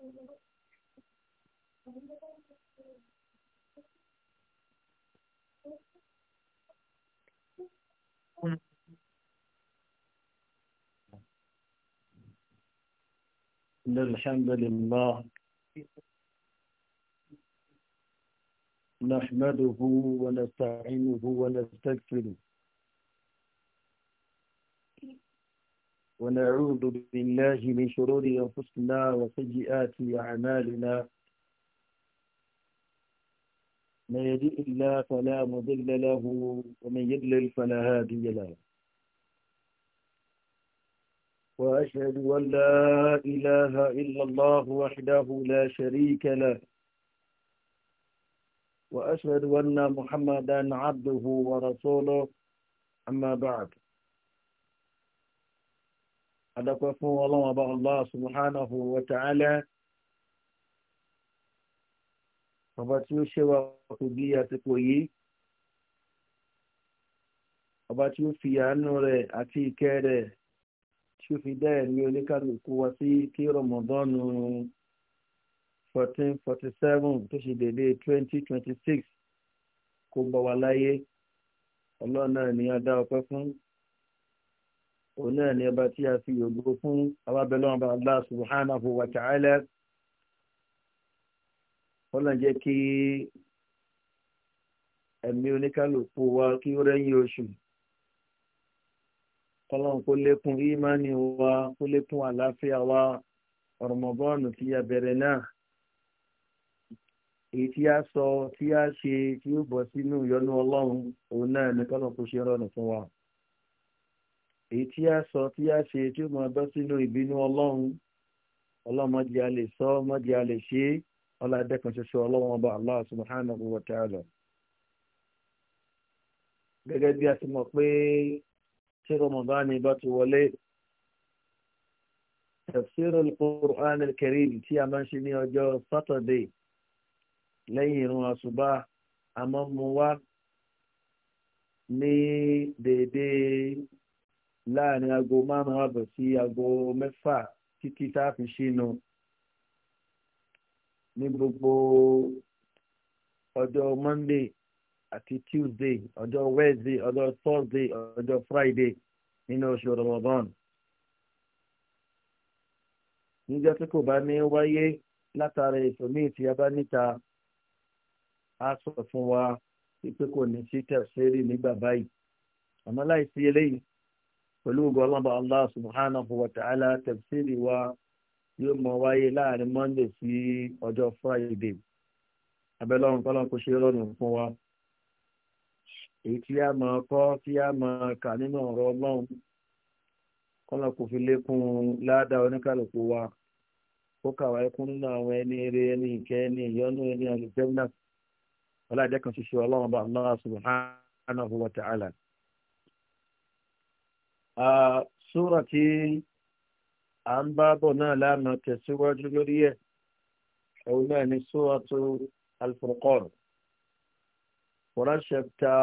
الحمد لله نحمده ونستعينه ونستغفره ونعوذ بالله من شرور أنفسنا وسيئات أعمالنا من يهدئ الله فلا مضل له ومن يضلل فلا هادي له وأشهد أن لا إله إلا الله وحده لا شريك له وأشهد أن محمدا عبده ورسوله أما بعد adọ́pẹ́ fún ọlọ́wọ́n bá Allah subhanahu wa ta'ala ọba tí ó ṣe wa kò bí àsìkò yìí ọba tí ó fi àánú rẹ̀ àti ìkẹ́ rẹ̀ tí ó fi dá ẹ̀mí oníkàlùkù wá sí kí rọmọdọ́nù fourteen tó ṣe dédé twenty kó bọ̀ wá láyé ọlọ́run ni a dá ọpẹ́ fún òun náà ni ọba tí a fi ògo fún abábẹ́lọ́wọ́n bá Allah subhanahu wa ta'ala ọlọ́n jẹ́ kí ẹ̀mí oníkálùkù wa kí ó rẹ́yìn oṣù ọlọ́n kó lékún ímánì wa kó lékún àlàáfíà wa ọ̀rọ̀mọ̀bọ́ọ̀nù tí a bẹ̀rẹ̀ náà èyí tí a sọ tí a ṣe tí ó bọ̀ sínú ìyọnu ọlọ́run òun náà ní kọ́lọ̀ kó ṣe rọrùn fún wa èyí tí a sọ tí a ṣe tí ó mọ bọ́ sínú ìbínú ọlọ́run ọlọ́mọdé a lè sọ ọmọdé a lè ṣe ọlọ́dẹ kan ṣoṣo ọlọ́run ọba Allah subhanahu wa ta'ala. gẹ́gẹ́ bí a ti mọ̀ pé tí Ramadan ni bá ti wọlé tafsir quran al-Karim tí a máa ń ṣe ní ọjọ́ Saturday lẹ́yìn irun àṣùbà àmọ́ mo wá ní déédéé láàrin aago márùn-ún àbọ̀ sí aago mẹ́fà títí tá a fi ṣínu ní gbogbo ọjọ́ monday àti tuesday ọjọ́ wednesday ọjọ́ thursday ọjọ́ friday nínú oṣù ramadan níjọ́ tí kò bá ní wáyé látara ètò míì tí a bá níta á sọ fún wa pípé kò ní sí tẹ̀síìrì nígbà báyìí àmọ́ láìsí eléyìí pẹ̀lú gbogbo ọlọ́ba allah subhanahu wa ta'ala tafsiri wa yóò mọ wáyé láàrin monday sí ọjọ́ friday abẹ́lọ́run kọ́lọ́n kò ṣe rọrùn fún wa èyí tí a máa kọ́ tí a máa kà nínú ọ̀rọ̀ ọlọ́run kọ́lọ́n kò fi lékún ládàá oníkàlùkù wa kó kàwá nínú àwọn ẹni eré ẹni ìkẹ́ ẹni ìyọ́nú ẹni ọlọ́run bá allah subhanahu wa ta'ala. súrà tí à ń bá bọ̀ náà lánàá tẹ̀síwájú lórí ẹ̀ òun náà ni súrà tó alfurqan Quran chapter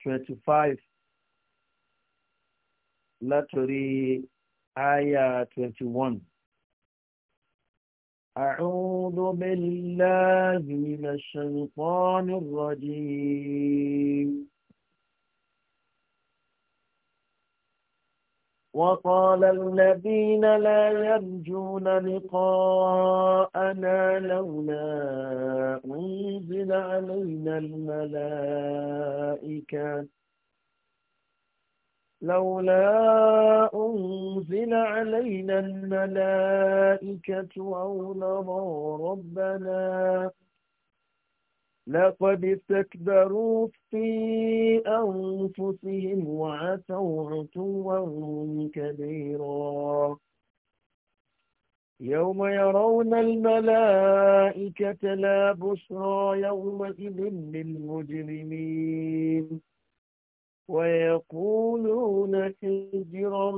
twenty five látòrí àyà twenty one. أعوذ بالله من الشيطان الرجيم وقال الذين لا يرجون لقاءنا لولا أنزل علينا الملائكة لولا أنزل علينا الملائكة أو نرى ربنا لقد استكبروا في أنفسهم وعتوا عتوا كبيرا يوم يرون الملائكة لا بشرى يومئذ للمجرمين ويقولون حجرا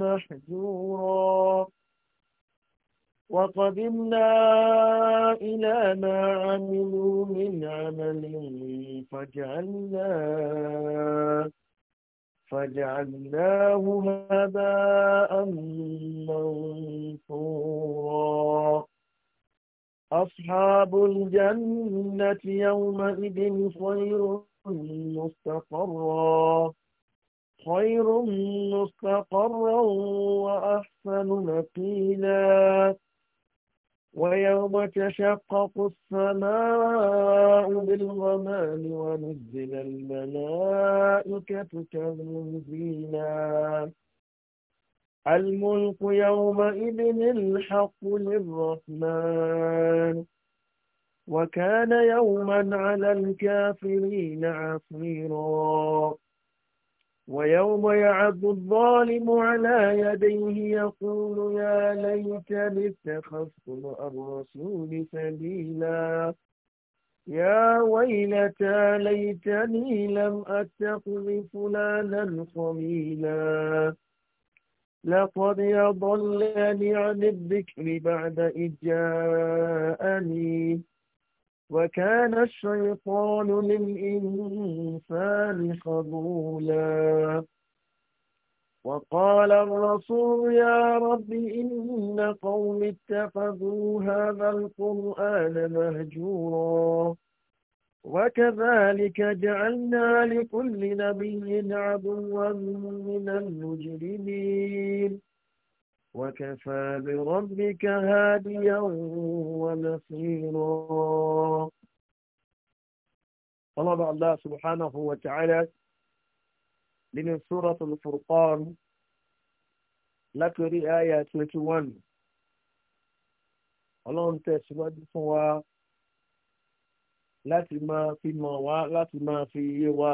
محجورا وقدمنا إلى ما عملوا من عمل فجعلناه فجعلناه هباء منثورا أصحاب الجنة يومئذ خير مستقرا خير مستقرا وأحسن مقيلا ويوم تشقق السماء بالغمام ونزل الملائكة تنزيلا الملك يومئذ الحق للرحمن وكان يوما على الكافرين عصيرا ويوم يعض الظالم على يديه يقول يا ليتني اتخذت مع الرسول سبيلا يا ويلتى ليتني لم أتخذ فلانا خليلا لقد يضلني عن الذكر بعد إذ جاءني وكان الشيطان للإنسان خذولا وقال الرسول يا رب إن قوم اتخذوا هذا القرآن مهجورا وكذلك جعلنا لكل نبي عدوا من المجرمين وكفى بربك هاديا ونصيرا طلب الله سبحانه وتعالى من سورة الفرقان لك آية 21 ọlọ́run tẹ̀síwájú fún wa láti máa fi mọ̀ wá láti máa fi yé wa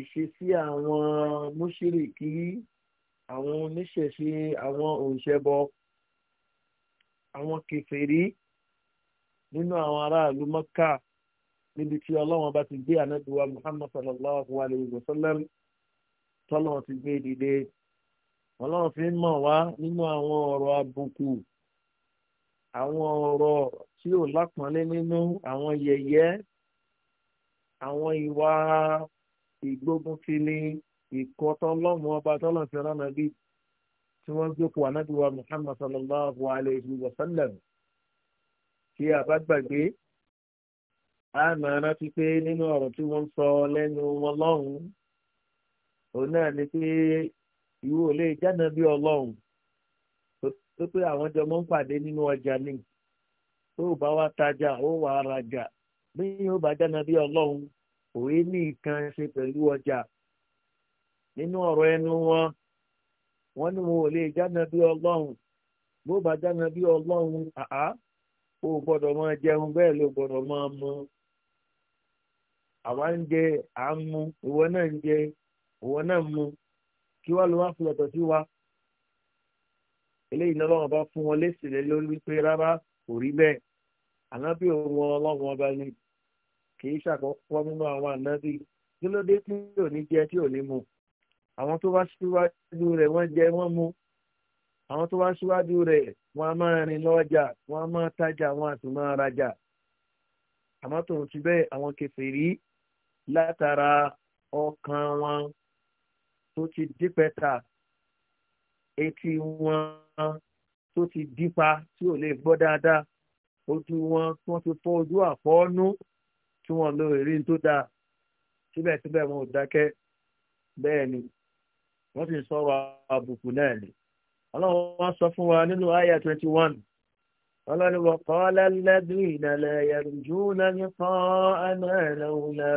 ìṣesí àwọn mùṣírìkí àwọn oníṣẹ̀ṣe àwọn òǹṣẹbọ àwọn kèfèrí nínú àwọn aráàlú mọ́kà níbi tí ọlọ́wọ́n bá ti gbé ànábìwá muhammad sallallahu alayhi wa sallam tọ́lọ́wọ́n ti gbé dìde ọlọ́run fi ń mọ̀ wá nínú àwọn ọ̀rọ̀ àbùkù àwọn ọ̀rọ̀ tí ò lápọ́nlé nínú àwọn yẹ̀yẹ́ àwọn ìwà ìgbógunfini ìkọ́ tọ́lọ́mù ọba tọ́lọ́ fi rán nàbí tí wọ́n jókòó ànábì wa Muhammad sallallahu alayhi wa sallam tí a bá gbàgbé a máa rántí pé nínú ọ̀rọ̀ tí wọ́n sọ lẹ́nu wọn lọ́hùn-ún òun náà ni pé ìwọ lè jáde bí ọlọ́hùn tó pé àwọn jọ mọ́ ń pàdé nínú ọjà ni tó bá wá tajà ó wàá rajà bí yóò bá jáde bí ọlọ́hùn òun ní nǹkan ṣe pẹ̀lú ọjà nínú ọ̀rọ̀ ẹnu wọn wọ́n ní wọn ò lè jáná bí ọlọ́run bó bá jáná bí ọlọ́run àá o gbọ́dọ̀ máa jẹun bẹ́ẹ̀ ló gbọ́dọ̀ máa mu àwa ń jẹ à ń mu ìwọ náà ń jẹ ìwọ náà ń mu kí wàá ló wá fi ọ̀tọ̀ sí wa eléyìí náà lọ́wọ́ bá fún wọn lẹ́sìlẹ̀ lórí wípé rárá kò rí bẹ́ẹ̀ ànábì òun ọlọ́run ọba ni kì í ṣàkọ́kọ́ nínú àwọn ànábì kí ló dé tí ò ní jẹ tí ò ní mu àwọn tó wá síwájú rẹ̀ wọ́n jẹ wọ́n mu àwọn tó wá síwájú rẹ̀ wọ́n á máa rìn lọ́jà wọ́n á máa tajà wọ́n á sì máa rajà àmọ́ tòun ti bẹ́ẹ̀ àwọn kèfèrí látara ọkàn wọn tó ti dípẹ́ta etí wọn tó ti dípa tí ò lè gbọ́ dáadáa ojú wọn tí wọ́n ti fọ́ ojú àfọ́ọ́nú tí wọ́n lo ìrìn tó dáa síbẹ̀síbẹ̀ wọn ò dákẹ́ bẹ́ẹ̀ ni wọ́n sì sọ̀rọ̀ àbùkù náà ni ọlọ́run wọ́n sọ fún wa nínú àyà twenty one ọlọ́run wọ́n kọ́ lẹ́lẹ́dún ìdàlẹ̀ ẹ̀rùjú náà ní kan ẹ̀nà ẹ̀lẹ́wùlá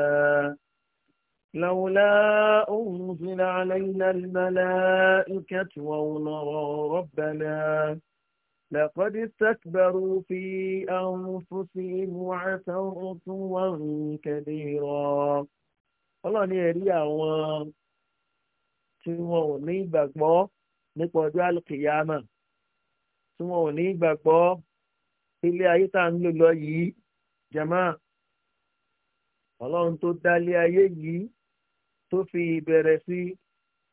لولا أنزل علينا الملائكة ونرى ربنا لقد استكبروا في أنفسهم وعتوا عتوا كبيرا ọlọ́run ní ẹ̀rí tí wọn ò ní ìgbàgbọ́ nípa ọjọ́ àlùkìyàmà tí wọn ò ní ìgbàgbọ́ ilé ayé tá à ń lò lọ yìí jàmá ọlọ́run tó dálé ayé yìí tó fi ìbẹ̀rẹ̀ sí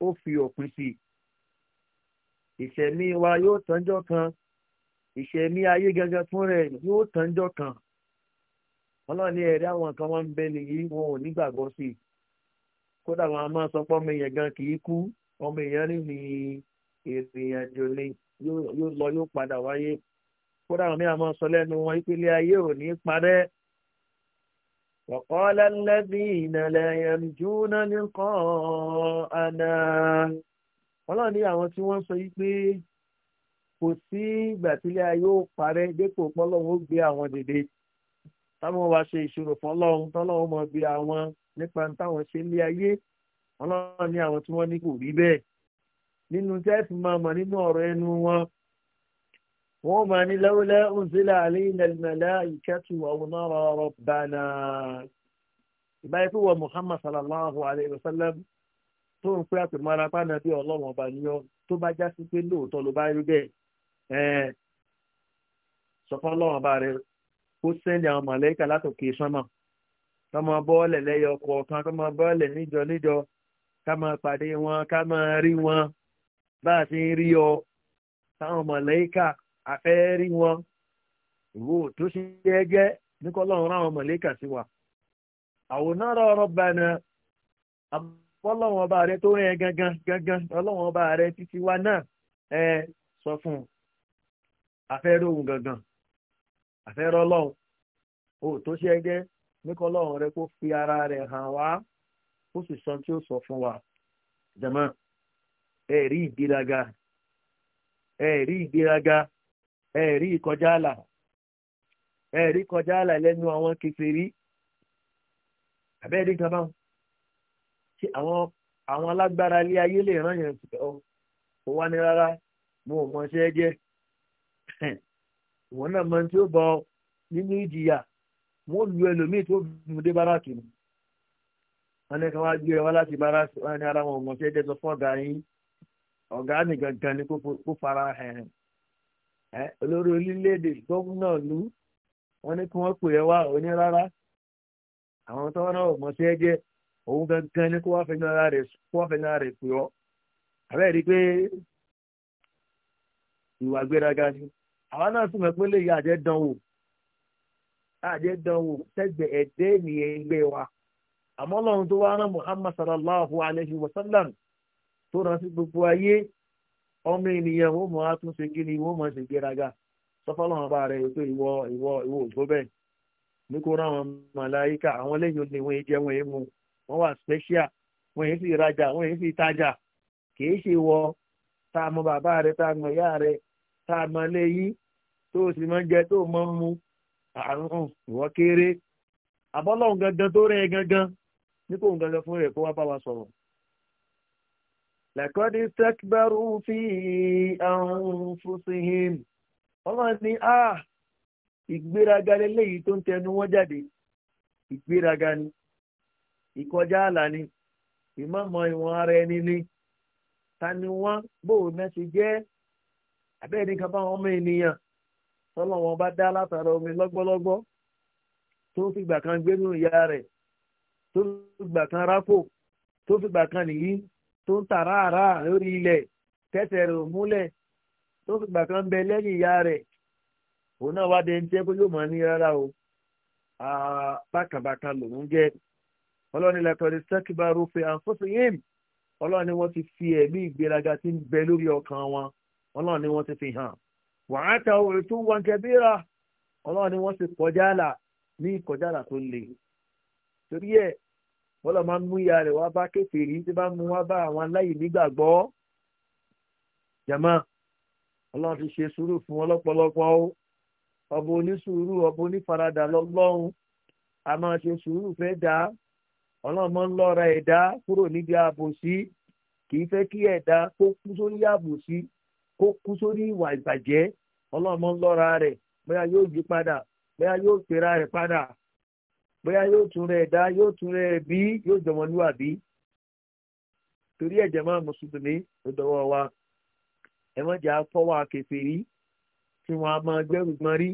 ó fi òpin sí ìṣẹ̀mí wa yóò tánjọ́ kan ìṣẹ̀mí ayé gangan fún rẹ̀ yóò tánjọ́ kan ọlọ́run ní ẹ̀rí àwọn kan wọ́n ń bẹ nìyí wọn ò nígbàgbọ́ sí i kódà wọn a máa sọ pé ọmọ èèyàn gan kì í kú ọmọ èèyàn rí ni ìrìn àjò ni yóò lọ yóò padà wáyé kódà wọn a máa sọ lẹ́nu wọn ìpele ayé ò ní parẹ́. وقال الذين لا يرجون لقاءنا ọlọ́run ní àwọn tí wọ́n sọ yìí pé kò sí ìgbà tílé ayé ó parẹ́ dépò pọ́lọ́run ó gbé àwọn dìde táwọn wá ṣe ìṣirò fọlọ́run tọ́lọ́run mọ̀ bí àwọn nípa táwọn ṣe lé ayé ọlọ́run ní àwọn tí wọ́n ní kò rí bẹ́ẹ̀ nínú tẹ́ẹ̀fì máa mọ̀ nínú ọ̀rọ̀ ẹnu wọn wọ́n máa ní lẹ́wọ́lẹ́ òǹzílà àlẹ́yìn ẹ̀lẹ́mẹ̀lẹ́ ìkẹ́tù àwọn ọ̀rọ̀ bàánà ìbáyé pé wọ́n Muhammad sallallahu alayhi wa sallam tó ń pẹ́ àpèmọ́ra pàánà bí ọlọ́run ọba níyọ tó bá já sí pé lóòótọ́ ló bá rí bẹ́ẹ̀ sọ fún ọlọ́run ọba rẹ kó sẹ́ndì àwọn mọ̀lẹ́kà látòkè sánmà ká máa bọ́ọ̀lẹ̀ lẹ́yọ kọ̀ọ̀kan ká máa bọ́ọ̀lẹ̀ níjọ níjọ ká pàdé wọn ká máa rí wọn bá a ti ń rí ọ táwọn mọ̀lẹ́kà afẹ́ rí wọn ìwò tó ṣe gẹ́gẹ́ ní ráwọn mọ̀lẹ́kà sí wa àwòrán ọ̀rọ̀ tó rìn ọlọ́wọ́n títí wa náà ẹ sọ fún un afẹ́ rí òun nípa ọlọ́run rẹ kó fi ara rẹ̀ hàn wá kó sì sọ tí ó sọ fún wa jẹ̀mọ́ ẹ ìgbéraga ẹ ìgbéraga ìkọjá àlà àlà lẹ́nu àwọn kèfèrí abẹ́ẹ̀dì tí àwọn àwọn alágbára ilé ayé lè ràn yẹn kó wá ní rárá mo ò mọ ìwọ náà mọ wọ́n lu ẹlòmíì tó mú dé báràkì mu wọ́n ní káwá gbé ẹ wá láti báràkì wọ́n ní ara wọn ò mọ̀ sí ẹjẹ́ sọ fún ọ̀gá yín ọ̀gá nìkan gan ni kó fara hẹ̀hẹ̀ ẹ olórí orílẹ̀-èdè gómìnà lu wọ́n ní kí wọ́n pè ẹ wá onírárá àwọn tó wọn náà ò mọ̀ sí ẹjẹ́ òun gangan ni kó wá fẹ́ náà rẹ̀ kó wá fẹ́ náà rẹ̀ pè ọ́ àbẹ́ẹ̀ rí pé ìwà gbéraga ni àwa náà sì mọ̀ pé lè yá àjẹ́ dánwò. àjẹdánwò tẹgbẹ ẹdẹ ènìyàn ẹgbẹ́ wa àmọ́ Ọlọ́run tó wá rán Muhammad sallallahu alayhi wa sallam tó rán gbogbo ayé ọmọ ènìyàn wọ́n mọ̀ tún ṣe gíní wọ́n mọ̀ ṣe gẹ́raga sọfọ́lọ́wọ́n bá rẹ̀ pé ìwọ ìwọ ìwọ òjò ní kó màláyíkà àwọn olè wà special wọ tá a mọ bàbá rẹ tá a mọ ìyá rẹ tá a mọ tó o sì àrùn ìwọ kéré àbọ́lọ́hùn gangan tó rẹ̀ gangan ní kò ń gangan fún rẹ̀ kó wá bá wa sọ̀rọ̀. laqad istakbaru fi anfusihim ọlọ́run ní a ah, ìgbéraga lélẹ́yìí tó ń tẹnu wọ́n jáde ìgbéraga ni ìkọjá àlà ni ìmọ̀mọ́ ìwọ̀n ara ẹni ni ta ni wọ́n bóun náà jẹ́ tọ́lọ́wọ́n bá dá látara omi lọ́gbọ́lọ́gbọ́ tó fi gbà kan gbénú ìyá rẹ̀ tó fi gbà kan ráfò tó fi gbà kan nìyí tó ń tàrà àrà lórí ilẹ̀ tẹ́tẹ̀ rẹ̀ ò múlẹ̀ tó fi gbà kan bẹ lẹ́yìn ìyá rẹ̀ òun náà wá dé ní tiẹ́ pé yóò mọ̀ ní rárá o bákàbákà lòún jẹ́ ọlọ́ni lẹ́kọ̀ọ́ ní sẹ́kìbá rúfin àǹfọ̀sọ yéèm ọlọ́ni wọ́n ti fi ẹ̀mí ìgbéraga ti ń bẹ lórí ọkàn wọn ọlọ́ni wọ́n ti fi hàn wàhátà òrètú wọn kẹbíra ọlọ́run ni wọ́n ti kọjáàlà ní kọjáàlà tó le torí ẹ̀ bọ́lá máa ń mú ìyá rẹ̀ wá bá kéferì tí bá mú wá bá àwọn aláì nígbàgbọ́ jama ọlọ́run ti ṣe sùúrù fún wọn lọ́pọ̀lọpọ̀ o ọba onísùúrù ọba onífaradà lọ́lọ́run a máa ṣe sùúrù fẹ́ dá ọlọ́run máa ń lọ́ra ẹ̀dá kúrò níbi àbòsí kì í fẹ́ kí ẹ̀dá kó kú sórí àbòsí kó kú sórí ìwà ìbàjẹ́ ọlọ́mọ ń lọ́ra rẹ̀ bóyá yóò yí padà bóyá yóò pera rẹ̀ padà bóyá yóò tún rẹ̀ dá yóò tún rẹ̀ bí yóò jọmọ níwàbí torí ẹ̀jẹ̀ máa mùsùlùmí ló dọwọ́ wa ẹ má jà fọwọ́ akẹfẹ̀rí tí wọ́n á máa gbẹ́rù gbọ́n rí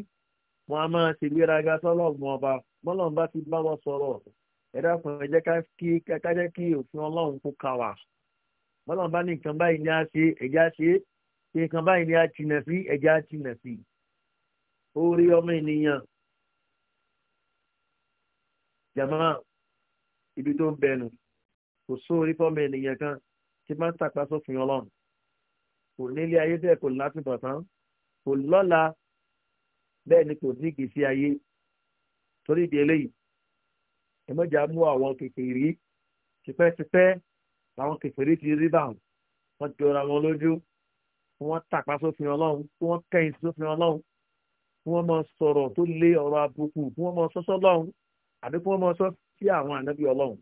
wọ́n á máa ṣègbéraga sọ́lọ́ọ̀gbọ̀n ọba mọ́lọ́n bá ti bá wọn sọ̀rọ̀ ẹ dákun ẹ jẹ́ ká jẹ́ kí òfin ọlọ́run kó kà wá mọ́lọ́n bá ní nǹkan báyìí ní á ṣe ẹ̀já ṣe é nǹkan báyìí ni a tìnà sí ẹja a tìnà sí orí ọmọ ènìyàn jàmáà ibi tó ń bẹnu kò sóorí fọmọ ènìyàn kan tí máa ń tàpá sófin ọlọ́run kò nílé ayé bẹ́ẹ̀ kò láti bàtán kò lọ́la bẹ́ẹ̀ ni kò ní ìgbésí ayé torí ìdí eléyìí ẹ̀mọ́jà mú àwọn kékeré tipẹ́tipẹ́ làwọn kékeré ti rí báwọn wọ́n jọra wọn lójú wọ́n tàpá sófin ọlọ́run kí wọ́n kẹ́yìn sófin ọlọ́run kí wọ́n máa sọ̀rọ̀ tó lé ọ̀rọ̀ àbùkù kí wọ́n máa sọ́sọ́ lọ́run àbí kí wọ́n máa sọ sí àwọn ànábì ọlọ́run.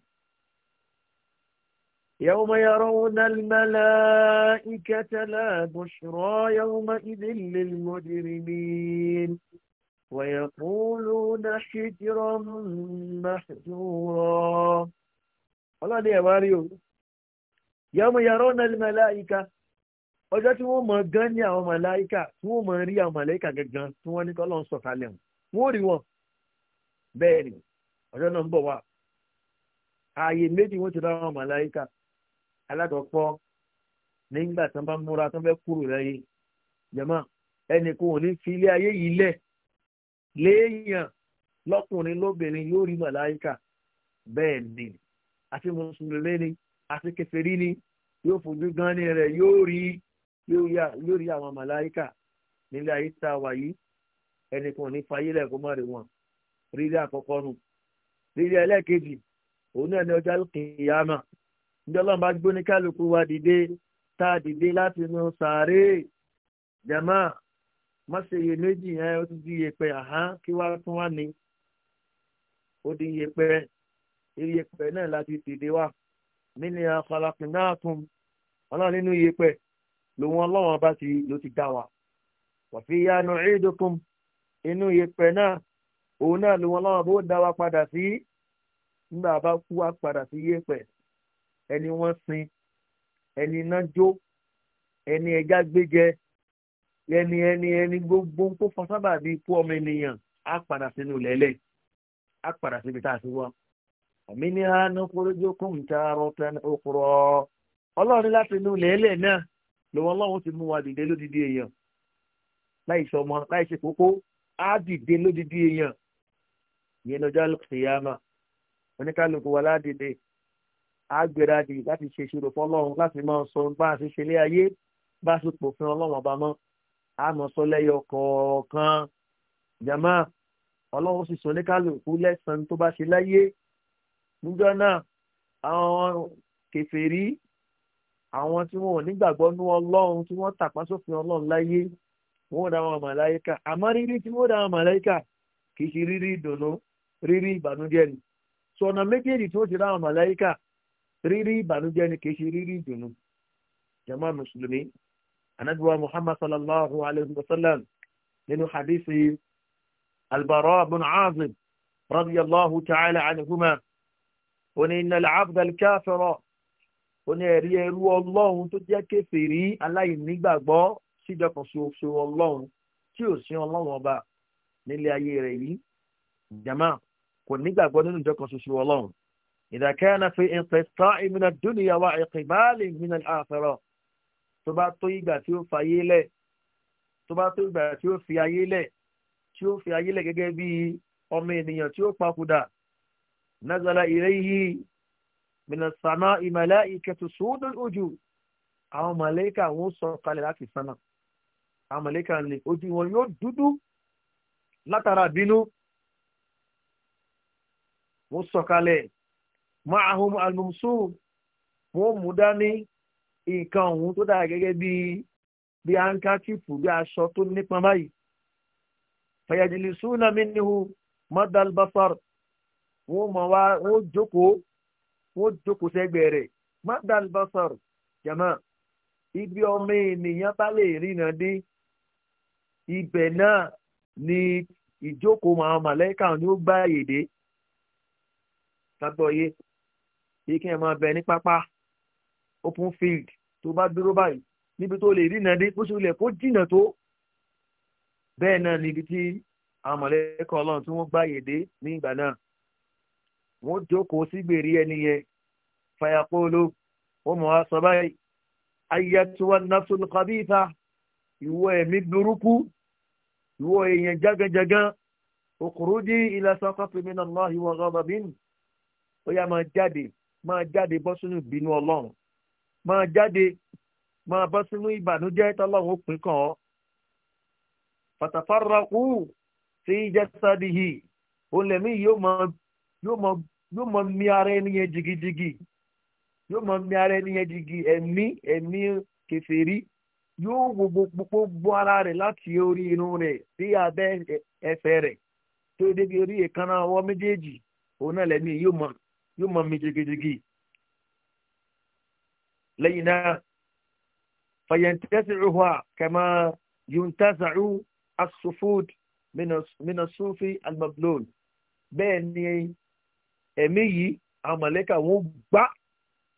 يوم يرون الملائكة لا بشرى يومئذ للمجرمين ويقولون حجرا محجورا. ọlọ́ni ẹ̀wá rí o yọ́mọ yàrá ọ̀nà ìmọ̀láìka ọjọ́ tí wọ́n mọ̀ gan ní àwọn màláìkà tí wọ́n mọ̀ rí àwọn màláìkà gangan tí wọ́n ní kọ́ lọ́n sọ̀kalẹ̀ wọn wọ́n rí wọn bẹ́ẹ̀ ni ọjọ́ náà ń bọ̀ wá ààyè méjì wọ́n ti rá àwọn màláìkà alákọ̀ọ́kọ́ nígbà tí wọ́n bá múra tí wọ́n fẹ́ kúrò láyé jẹ̀mọ́ ẹnì kò ní fi ilé ayé yìí lẹ̀ léèyàn lọ́kùnrin lóbìnrin yóò rí màláìkà bẹ́ẹ̀ ni àti mùsùlùmí ni àti kẹfẹ́rí ni yóò fojú gan ni rẹ̀ yóò rí lórí àwọn màláìkà nílé ayé tá a wà yìí ẹnì kan ní fayílẹ̀ kó má rí wọn rírí àkọ́kọ́ nù rírí ẹlẹ́ẹ̀kejì òun náà ní ọjọ́ kìyàmà níjọ́ lọ́n bá gbóni kálukú wa dìde tá a dìde láti inú sàárè jama má ṣe iye méjì yẹn ó ti di kí wá tún wá ní ó di náà láti dìde wá mí ni lòun ọlọ́wọ́n bá ti ló ti dá wa wàfi yanu ìdókun inú yẹpẹ náà òun náà lòun ọlọ́wọ́n bó dá wa padà sí nígbà bá kú wa padà sí yẹpẹ ẹni wọ́n sin ẹni iná jó ẹni ẹja ẹni ẹni ẹni gbogbo tó fọ sábà bí ikú ọmọ ènìyàn á padà sínú á padà síbi tá a ti wá àmì ní hánú kúrò jókòó lọ́wọ́ ọlọ́run ti mú wa dìde lódìdí èèyàn láì sọmọ láì ṣe kókó á dìde lódìdí èèyàn ìyẹn lọ́jọ́ àlùkìyàmà oníkálukú wa ládìde á gbéra dì láti ṣe ìṣirò fọlọ́run láti máa sọ bá a ṣe ṣe lé ayé bá a ṣe pòfin ọlọ́run ọba mọ́ á mọ̀ sọ lẹ́yọ kọ̀ọ̀kan jàmá ọlọ́run sì sọ oníkálukú lẹ́sàn-án tó bá ṣe láyé níjọ́ náà àwọn kèfèrí àwọn tí wọn ò nígbàgbọ́ nú ọlọ́run tí wọ́n tàpá sófin ọlọ́run láyé wọn ò dá wọn màláyíkà àmọ́ rírí tí wọ́n dá wọn màláyíkà kì í ṣe rírí ìdùnnú rírí ìbànújẹ́ ni sọ̀nà méjèèjì tí wọ́n ti dá wọn màláyíkà rírí ìbànújẹ́ ni kì í ṣe rírí ìdùnnú. jama mùsùlùmí anabiwa muhammad sallallahu alayhi wa sallam nínú hadithi albaro bin azib radiyallahu ta'ala anhuma oní inna al-abd ó ní ẹ̀rí ẹrú ọlọ́run tó jẹ́ kèfèrí aláìnígbàgbọ́ síjọ kan ṣoṣo ọlọ́run tí ò sí ọlọ́run ọba nílé ayé rẹ̀ yìí jama kò nígbàgbọ́ nínú ìjọ kan ṣoṣo ọlọ́run ìdàkẹ́yàna fi ìpẹ̀tà ìmìnà dúnìyà wa ìpìbáàlì ìmìnà àfẹ́rọ̀ tó bá tó ìgbà tí ó fa ayé lẹ̀ tó bá tó ìgbà tí ó fi ayé lẹ̀ tí ó fi ayé lẹ̀ gẹ́gẹ́ bí ọmọ ènìyàn tí ó papòdà nazala ilayhi mina sama ìmàlẹ́ ìkẹtù sódò ojú àwọn màlẹ́kà wọn sọ kalẹ̀ láti sánà àwọn màlẹ́kà lè ojú wọn yóò dúdú látara bínú wọn sọ kalẹ̀ máàhùn alùmùsù wọn mú dání nǹkan ọ̀hún tó dára gẹ́gẹ́ bí bí ankachifu bí aṣọ tó nípọn báyìí fẹ̀yàjìlì súnà mi níhu wọn mọ̀ wá wọn jókòó wọ́n jókòó sẹ́gbẹ̀ẹ́ rẹ̀ madal basar jama ibi ọmọ ènìyàn bá lè rìnà dé ibẹ̀ náà ni ìjókòó àwọn màlẹ́kà ni ó gbá èdè lágbọ́ yé bí kí ẹ máa bẹ ní pápá open field tó bá dúró báyìí níbi tó lè rìnà dé bó ṣe lè kó jìnà tó bẹ́ẹ̀ náà níbi tí àwọn màlẹ́kà ọlọ́run tí wọ́n gbá èdè ní ìgbà náà wọ́n jókòó sí gbèrè ẹni yẹn fàyàkóòló wọ́n mọ̀ á sọ báyìí ayatuwa nafsul khabitha ìwọ ẹ̀mí burúkú ìwọ èèyàn jágánjagán òkúrúdí ila sakati min Allahi wa ghadabin ó yá máa jáde máa jáde bọ́ sínú ìbínú ọlọ́run máa jáde máa bọ́ sínú ìbànújẹ́ tọ́lọ́run ó pín kàn ọ́ fatafarraqu fi jasadihi olèmí yóò máa yóò mọ mi ara ẹni yẹn jigijigi yóò mọ mi ara ẹni yẹn jigi ẹ̀mí ẹ̀mí kèfèrí yóò wo gbogbo ara rẹ̀ láti orí inú rẹ̀ sí abẹ́ ẹsẹ̀ rẹ̀ tó débi orí èékánná ọwọ́ méjèèjì òun náà lẹ́mí yóò mọ yóò mọ mi jigijigi lẹ́yìn náà fàyẹ̀ntẹ́sìrìhùwà kẹmà yuntazaru asufud minasufi almablon bẹ́ẹ̀ ni ẹ̀mí yìí àwọn mọ̀lẹ́kà wọn gbá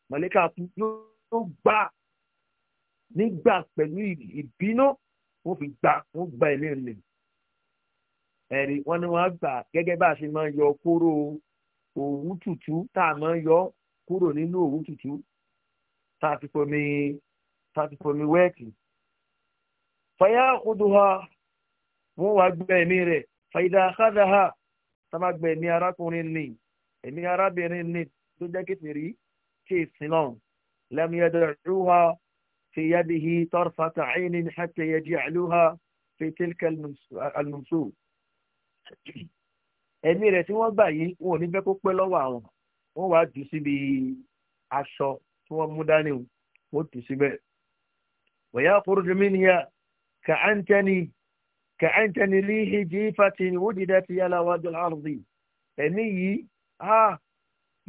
mọ̀lẹ́kà yóò gbá nígbà pẹ̀lú ìbínú wọn fi gbá wọn gbá ẹ̀mí rẹ̀ ẹ̀rí wọn ni wọn gbà gẹ́gẹ́ bá a ṣe máa ń yọ kóró òwú tútù tá a máa ń yọ kúrò nínú òwú tútù tá a ti fomi tá a ti fomi wẹ́ẹ̀kì fàyà àkójọha wọn wàá gbẹ ẹ̀mí rẹ̀ fàyìdà àkàdà ha tá a máa gbẹ ẹ̀mí arákùnrin nìyí èmi arábìnrin ni tó jẹ́ kékeré kí ìsìn náà lẹ́mu yẹ dẹ̀rùwà fi yadihi tarfata aynin hatta yaj'aluha fi tilka al-mamsul ẹ̀mí rẹ̀ tí wọ́n gbà yìí wọn ò ní fẹ́ kó pẹ́ lọ́wọ́ àwọn wọ́n wàá jù síbi aṣọ tí wọ́n mú dání wọ́n jù síbẹ̀. wọ́yá kúrúdú mi ni ya kà á ń tẹ́ni kà á ń tẹ́ni líhi jífàtì wúdìdá ti yàrá wájú àrùn a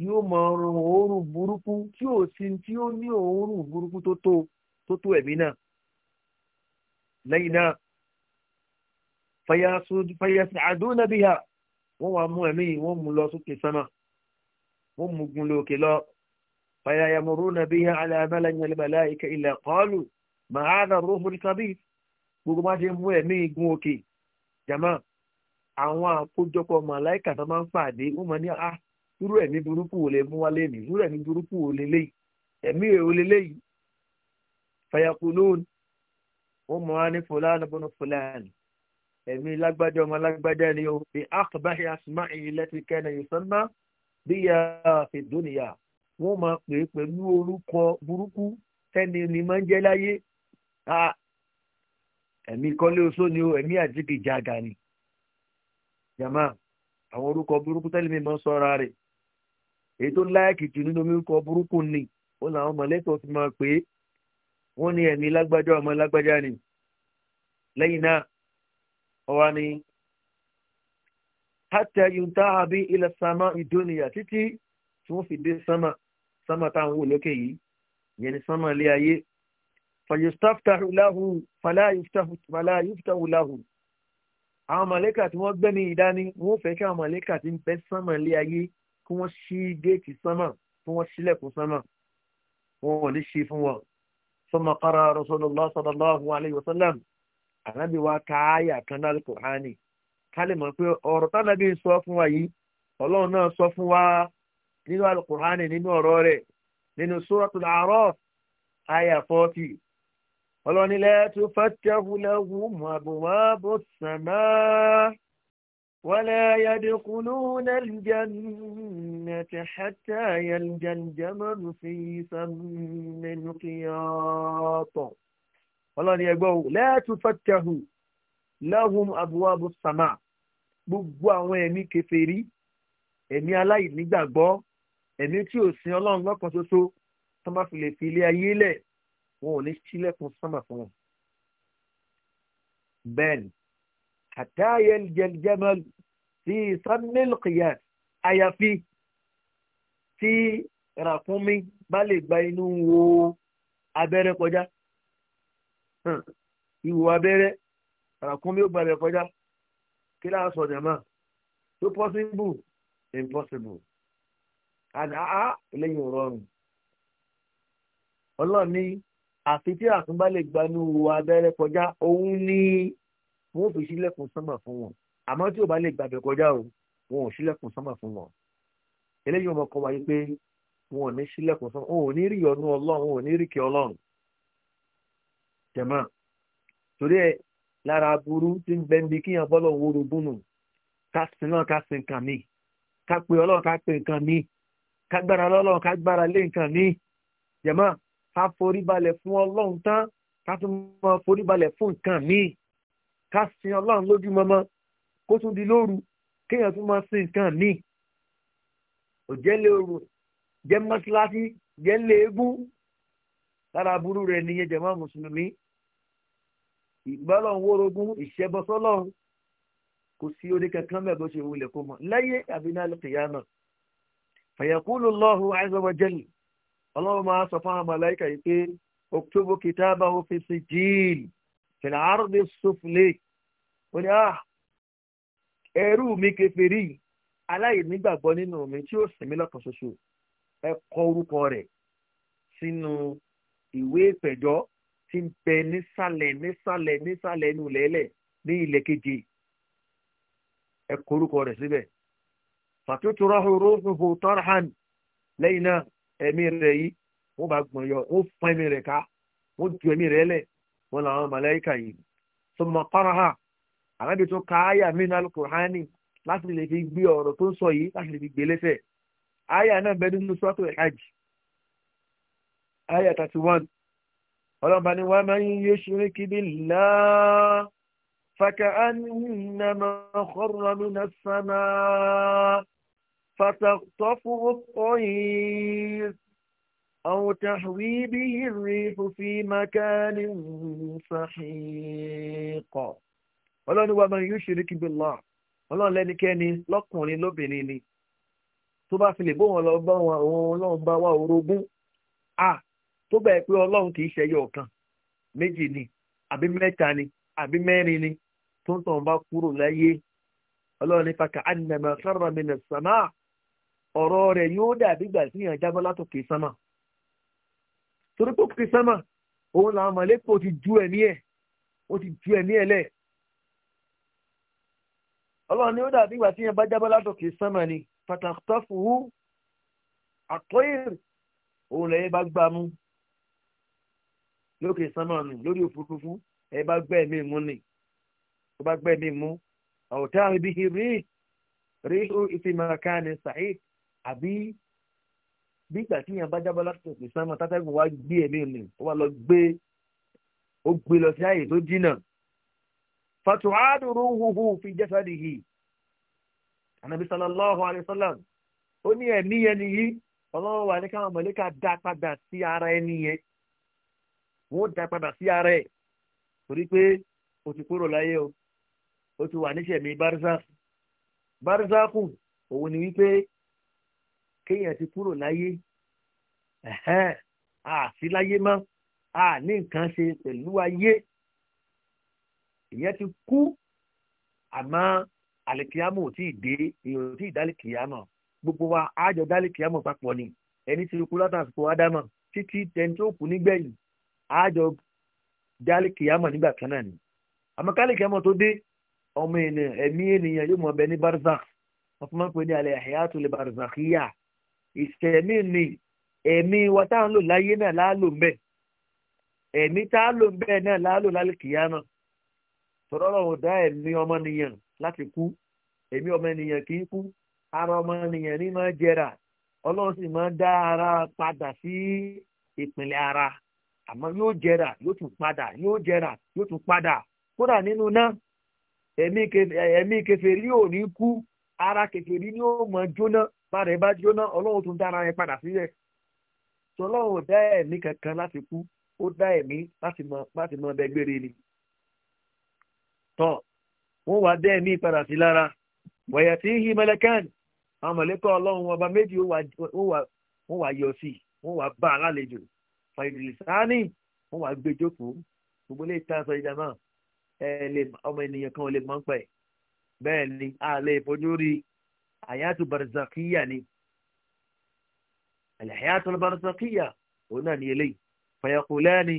yóò mọ ọrùn òórùn burúkú tí ò sí tí ó ní òórùn burúkú tó tó tó tó ẹ̀mí náà lẹ́yìn náà fayasi àdúnà bí ha wọ́n wá mú ẹ̀mí wọ́n mú lọ sókè sánmà wọ́n mú gun lókè lọ fayayamuru na bí ha alábẹ́lẹ́ ní ẹlẹ́bẹ̀lẹ́ ìkà ilẹ̀ màá dà rúfin kábí gbogbo má ṣe mú ẹ̀mí gun òkè jama àwọn àkójọpọ̀ màláìkà tó máa ń pàdé wọ́n máa ní à ah, irú ẹ̀mí burúkú ò lè mú wálé nì irú ẹ̀mí burúkú ò lè léyìí ẹ̀mí ò lè léyìí fayakulun wọ́n máa ní fúlàní bọ́nà fúlàní ẹ̀mí lágbájá ọmọ lágbájá ni o bí àkàbáyé asùnmá ìlẹ́tì kẹ́nà ìsọ́nmá bí ya fìdúnìyà wọ́n máa pè é pẹ̀lú orúkọ burúkú tẹ́ni ni máa ń jẹ́ láyé ah, ẹ̀mí kọ́lé oṣó ni o ẹ̀mí àjíkì jága ni jama àwọn orúkọ burúkú tẹ́lẹ̀ mi máa ń sọ́ra rẹ̀ èyí tó láyàkì jù nínú orúkọ burúkú ni ó làwọn mọ̀lẹ́kọ̀ọ́ fi máa pè é wọ́n ní ẹ̀mí lágbájá ọmọ lágbájá ni lẹ́yìn náà ọwa ni hátà yunta àbí ilẹ̀ sàmà ìdónìyà títí tí wọ́n fi dé sàmà sàmà táwọn wò lókè yìí yẹn ni sàmà lé ayé fàyè staftahu lahu fàlàyé staftahu lahu àwọn mọ̀lẹ́kà tí wọ́n gbẹ́ni ìdání wọ́n fẹ́ kí àwọn mọ̀lẹ́kà tí ń bẹ sánmọ̀ lé ayé kí wọ́n ṣí géètì sánmọ̀ kí wọ́n ṣílẹ̀kùn sánmọ̀ wọn ò ní ṣe fún wọn. sọmọ kára rasulullah sallallahu alayhi wa sallam anabi wa káyà kan náà kùhání kálí mọ̀ pé ọ̀rọ̀ tánàbí sọ fún wa yìí ọlọ́run náà sọ fún wa nínú ọlọ́ni lẹ́tù fẹ́tẹ́hùlẹ́hù mọ̀bùmọ́bù sàmá wọlé yẹdẹkùnú nàìjẹ́nẹ̀tẹ̀ hẹ́tẹ́ yẹnjẹ́njẹ́mọ́nù fi sàmìnú kíyọ́tọ̀ ọlọ́ni ẹgbẹ́ òun lẹ́tù fẹ́tẹ́hù lẹ́hù mọ̀bùmọ́bù sàmá gbogbo àwọn ẹ̀mí kèfèrí ẹ̀mí aláìnígbàgbọ́ ẹ̀mí tí ò sin ọlọ́run lọ́kàn ṣoṣo tó má fi lè fi ilé ayé lẹ̀ wọn ò ní sílẹ̀kùn sánmà fún wọn. bẹ́ẹ̀ni àtàyẹ jẹjẹmẹlú sí sanilkiya àyàfi tí ràkúnmí bá lè gba inú wo abẹ́rẹ́ kọjá ìwò hmm. abẹ́rẹ́ ràkúnmí ó gbalẹ̀ kọjá kí láà sọ jẹ̀mọ́ tó possible impossible àdáhà ah, ah, lẹ́yìn rọrùn ọlọ́ọ̀ni àfi tí àtúnbá lè gbanú abẹ́rẹ́ kọjá òun ni wọ́n fi sílẹ̀kùn sánmà fún wọn àmọ́ tí ò bá lè gbàbẹ̀ kọjá o wọn ò sílẹ̀kùn sánmà fún wọn eléyìí ọmọ kan wáyé pé wọn ò ní sílẹ̀kùn sánmà wọn ò ní rí ọ̀nù ọlọ́run wọn ò ní rí kí ọlọ́run jẹ̀mọ́ torí ẹ̀ lára burú tí ń bẹ́ẹ̀ bí kíyàn bọ́lọ̀ wóró gúnnù ká sin náà ká sin nǹkan mi ká pe ọlọ́run ká pe nǹkan mi ká gbára lọ́lọ́run ká gbára lé nǹkan mi jẹ̀mọ́ ká foríbalẹ̀ fún ọlọ́run tán ká tún máa foríbalẹ̀ fún nǹkan míì ká sin ọlọ́run lójú mọ́mọ́ kó tún di lóru kéèyàn tún máa sin nǹkan míì òjẹ́lẹ̀ òru jẹ́ mọ́síláṣí jẹ́lẹ̀ eégún lára burú rẹ̀ nìyẹn jẹ̀mọ́ mùsùlùmí ìgbọ́lọ̀ wórogún ìṣẹ́bọsọ́lọ́run kò sí orí kankan mẹ́ẹ̀ bó ṣe wulẹ̀ kó mọ̀ lẹ́yìn àbínálẹ̀ kìyàmọ̀ fàyàkúlù lọ́hùn àìsàn wọ́jẹ́lì ọlọ́run máa sọ fún àwọn màláíkà yìí pé oktobo kìtàbà òfìsì jíìlì fìlà àrùbí sọfúlẹ ó ní ah, ẹrú mi kẹfẹrí aláìnígbàgbọ́ nínú mi tí ó sìn mí lọ́kàn ṣoṣo ẹ kọ orúkọ rẹ̀ sínú ìwé ìpẹ̀jọ́ tí ń bẹ nísàlẹ̀ nísàlẹ̀ nísàlẹ̀ nù lẹ́lẹ̀ ní ilẹ̀ keje ẹ kọ orúkọ rẹ̀ síbẹ̀ fàtútù rọ́hùn rọ́hùn tọ́rhán lẹ́yìn náà ẹ̀mí rẹ̀ yìí wọ́n bá gbọ̀n yọ wọ́n fún ẹ̀mí rẹ̀ ká wọ́n ju ẹ̀mí rẹ̀ lẹ̀ wọ́n làwọn màláíkà yìí sọmọ kọ́ra àbábi tó ka àyà mínú alukurhani láti lè fi gbé ọ̀rọ̀ tó ń sọ yìí láti lè fi gbé lẹ́sẹ̀ àyà náà bẹ nínú sọ́tò ìhajj àyà thirty one ọlọ́mọba ni wọ́n máa ń yé ṣeré kíbi ńlá fàkà ánìmọ̀ ọ̀rọ̀ mi náà sánà. فتقطفه الطير أو تحوي به الريح في مكان سحيق ọlọ́run wa man yushrik billah ọlọ́run lẹ́nikẹ́ni lọ́kùnrin lóbìnrin ni tó bá fi lè bó wọn lọ bá wọn àwọn ọlọ́run bá wà orogún a tó bẹ̀ pé ọlọ́run kì í ṣe ẹyọ kan méjì ni àbí mẹ́ta ni àbí mẹ́rin ni tó ń tàn bá kúrò láyé ọlọ́run nípa ka annama kharra minas samaa ọ̀rọ̀ rẹ̀ yóò dàbí ìgbà tí èèyàn jábọ́ látòkè sánmà torí pé òkè sánmà òun làwọn mọ̀lẹ́kọ̀ ti ju ẹ̀mí ẹ̀ ó ti ju ẹ̀mí ẹ̀ lẹ̀ ọlọ́run ni ó dàbí ìgbà tí èèyàn bá jábọ́ látòkè sánmà ni pàtàkì àtọ́yèrè òun lẹ́yìn bá gbà mú lókè sánmà nù lórí òfurufú ẹ bá gbẹ́ ẹ̀mí mú ni ó bá gbẹ́ ẹ̀mí mú àwòtá ibi rí rí ìfimọ̀ kan ní àbí bí ìgbà tí yẹn bá jábọ́ láti òkè sánmọ̀ tátẹ́gùn wá gbé ẹ̀mí mi ó wá lọ gbé ó gbé lọ sí ààyè tó jìnnà fatuhaduru huhu fi jasadihi anabi sallallahu alayhi wa sallam ó ní ẹ̀mí yẹn nìyí ọlọ́run wà ní káwọn mọ̀lẹ́ka dá padà sí ara ẹni yẹn wọ́n dá padà sí ara ẹ̀ torí pé o ti kúrò láyé o o ti wà níṣẹ̀mí barisaku barisaku òun ni wípé kéèyàn ti kúrò láyé àfi láyé mọ́ a ní nǹkan ṣe pẹ̀lú ayé ìyẹn ti kú àmọ́ àlìkìyàmù ò tí ì dé èèyàn ò dálìkìyàmù gbogbo wa àjọ dálìkìyàmù papọ̀ ni ẹni tí kú látàkùn ádámà títí tẹni tó kù nígbẹ̀yìn àjọ dálìkìyàmù nígbà kan náà ni àmọ́ kálìkìyàmù tó dé ọmọ ènìyàn ẹ̀mí ènìyàn yóò mọ̀ ọbẹ̀ ní barzakh wọ́n fún wọn pé ní alẹ́ àyàtò lè ìṣẹ̀mí ni ẹ̀mí wa tá à ń lò láyé náà láàlò mbẹ́ ẹ̀mí tá à lò mbẹ́ náà láàlò lálẹ́ náà tọ́lọ́ lọ́wọ́ dá ẹ̀mí ọmọnìyàn láti kú ẹ̀mí ọmọnìyàn kì í kú ara ọmọnìyàn ní máa jẹrà ọlọ́run sì máa dá ara padà sí ìpìlẹ̀ ara àmọ́ yóò jẹrà yóò tún padà yóò jẹrà yóò tún padà kódà nínú náà ẹ̀mí kèfèrí ò ní kú ara kèfèrí ni ó mọ jóná bá rẹ̀ bá jóná ọlọ́run tún dára yẹn padà sílẹ̀ tí ọlọ́run dá ẹ̀mí kankan láti kú ó dá ẹ̀mí láti mọ láti mọ ọbẹ̀ gbére ni. tọ́ wọ́n wá dá ẹ̀mí padà sí lára wọ̀yà tí hí mẹlẹ́kán àwọn mọ̀lẹ́kọ́ ọlọ́run ọba méjì wọ́n wá yọ sí wọ́n wá bá alálejò fàìdìlìsáánì wọ́n wá gbé jókòó gbogbo lè ta aṣọ ìjàmá ẹ lè ọmọ ènìyàn kan ò lè mọ́ pẹ̀ bẹ́ẹ̀ ni a lè fojú rí i àyàtò barzakhiya ni àyàtò barzakhiya òun náà ni eléyìí fàyàkùlẹ́ni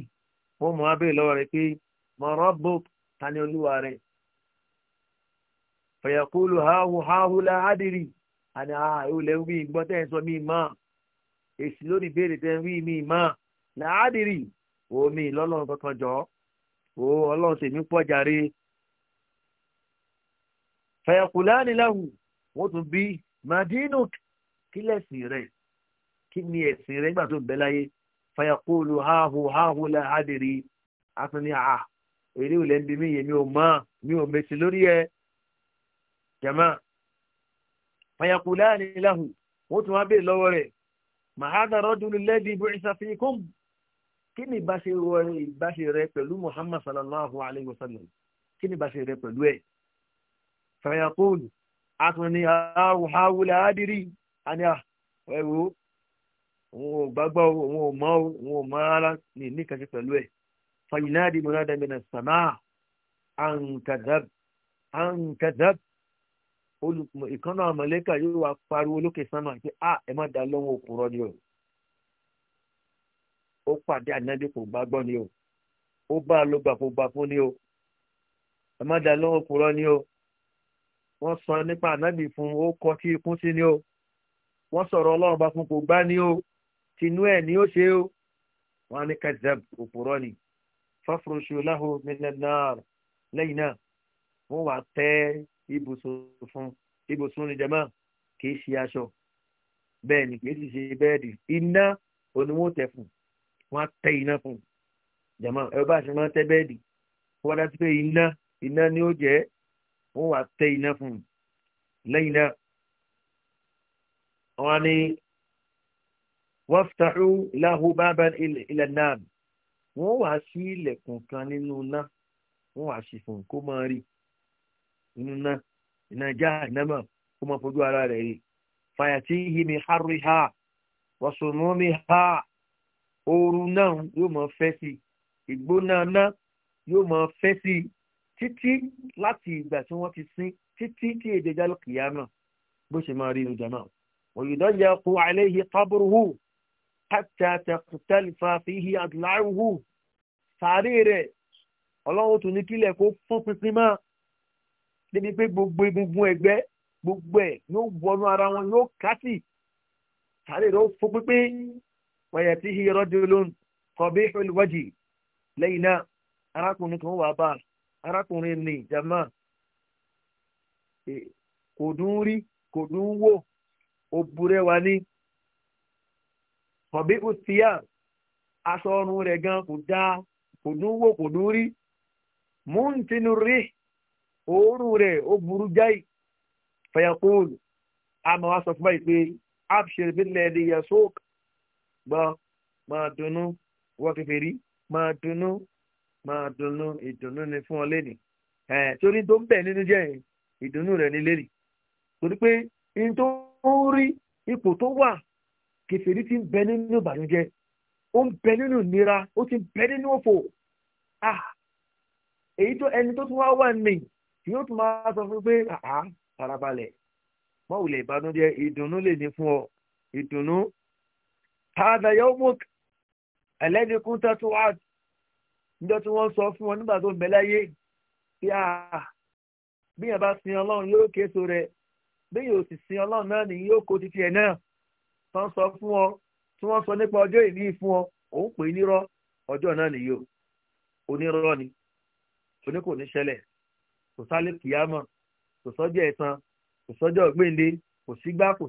wọ́n mọ̀ abẹ́ lọ́wọ́ rẹ̀ pé mọ̀rọ́bù tani olúwa rẹ̀ fàyàkùlù háhù háhù láhádìrì àni àìwòlẹ̀ ah, wí gbọ́ tẹ́ ẹ̀ sọ mí mọ́ èsì lónìí béèrè tẹ́ wí mí mọ́ láhádìrì omi lọ́lọ́run kankan jọ ó ọlọ́run tèmi pọ̀ jàre fàyàkùlẹ́ni láhùn wọ́n tún bí madinuk kí lẹ́sìn rẹ̀ kí ni ẹ̀sìn rẹ̀ nígbà tó ń bẹ láyé fayakulu hahu hahu la hadiri atúni a èrè ò lẹ́nu bí mi yé mi ò mọ̀ mi ò mèsì lórí ẹ̀ jama fayakulani lahu wọ́n tún wá bèèrè lọ́wọ́ rẹ̀ mahada rọ́dúnú lẹ́dí ibi ìsàfihàn kí ni ìbáṣe rẹ ìbáṣe rẹ pẹ̀lú muhammad sallallahu alayhi wa sallam kí ni ìbáṣe rẹ pẹ̀lú ẹ̀ fayakulu a tún ní àrùn àwùlẹ̀ àádìrí a ní ẹ̀rọ òun ò gbàgbọ́ òun ò mọ̀ òun ò mọ̀ rárá ní níkàṣe pẹ̀lú ẹ̀ fàyínádì múnádà mìíràn sàmà àǹkàdàb àǹkàdàb ìkànnà àmọ̀lẹ́kà yóò wá pariwo lókè sánmà pé a ẹ̀ má da lọ́wọ́ òkúrọ́ ni o ó pàdé ànábì kò gbàgbọ́ ni o ó bá a ló gbà kó ni o ẹ̀ má da lọ́wọ́ òkúrọ́ ni o wọ́n sọ nípa ànábì fún ó kọ tí ikún sí ni o wọ́n sọ̀rọ̀ ọlọ́run bá fún kò gbá ni o tinú ẹ̀ ni ó ṣe o wọ́n á ní kazab òpùrọ́ ni fáfúrúṣu láhù mílíọ̀nàr lẹ́yìn náà wọ́n wà tẹ́ ibùsùn fún ibùsùn ní jẹ́mọ́ kì ṣe aṣọ bẹ́ẹ̀ ni kì ṣe bẹ́ẹ̀dì iná oníwó tẹ̀ fún wọ́n á tẹ iná fún jẹ́mọ́ ẹ bá ṣe máa tẹ́ bẹ́ẹ̀dì wọ́n dá sí pé iná iná ni ó jẹ́ wọ́n wá tẹ iná fún un lẹ́yìn náà wọ́n ní waftahu lahu baban ila an-nar wọ́n wá sí ilẹ̀kùn kan nínú náà wọ́n wá sí fún un kó máa rí inú náà iná jahannama kó máa fojú ara rẹ̀ rí fayatihi min harriha wa sumumiha ooru náà yóò máa fẹ́ sí ìgbóná náà yóò máa fẹ́ sí títí láti ìgbà tí wọ́n ti sin títí tí èdè jálù kìyàmà bó ṣe máa rí inú jama òyìnbó yẹ kó àìlèyé kábúrúhù hàtàtà kùtàlìfà fìhí àdùláhù sàárè rẹ̀ ọlọ́run tún ní kílẹ̀ kó fún pínpín mọ́ níbi pé gbogbo egungun ẹ̀gbẹ́ gbogbo ẹ̀ yóò wọnú ara wọn yóò kásì sàárè rẹ̀ ó fún pínpín wọ̀nyẹ̀ tí hiyọ́rọ́ dúró lónìí kọ̀bí ìfẹ́lúwọ́jì lẹ́yìn náà arákùnrin kan wà bá a arákùnrin ní ìjàmá eh, kò dùn rí kò dùn wò òbúrẹ́ wa ní ọ̀bí kùtìyà aṣọ ọrùn rẹ̀ gan kò dáa kò dùn wò kò dùn rí múntínú rí òórùn rẹ̀ ó burú jáì fẹ̀yàkóòlù àmọ́ wa sọ fún báyìí pé abṣir bílẹ̀ ẹ̀dẹ̀ yẹ sóòk gbọ́ máa dunnú wọ́n kẹfẹ́ rí máa dunnú máa dunnú ìdùnnú ni fún ọ lẹ́nìí ẹ̀ torí tó ń bẹ̀ nínú jẹ́ ìdùnnú rẹ̀ ní lẹ́nìí torí pé n tó ń rí ipò tó wà kẹfìrí ti ń bẹ nínú ìbànújẹ́ ó ń bẹ nínú ìnira ó ti ń bẹ nínú òfò èyí tó ẹni tó tún wá wà ní tí yóò tún máa sọ fún pé àá farabalẹ̀ mọ́wùlẹ̀ ìbànújẹ́ ìdùnnú lè ní fún ọ ìdùnnú. هذا يومك الذي كنت توعد níjọ́ tí wọ́n sọ fún wọn nígbà tó ń bẹ láyé pé bí yẹn bá sin ọlọ́run yóò késo rẹ̀ bí yóò sì sin ọlọ́run náà ni yóò kó títí ẹ̀ náà sọ fún ọ tí sọ nípa ọjọ́ ìní fún ọ òun pè é nírọ́ ọjọ́ náà nìyí o onírọ́ ni ní ṣẹlẹ̀ kò kìyàmọ̀ kò sọ́jọ́ kò sọ́jọ́ kò sígbà kò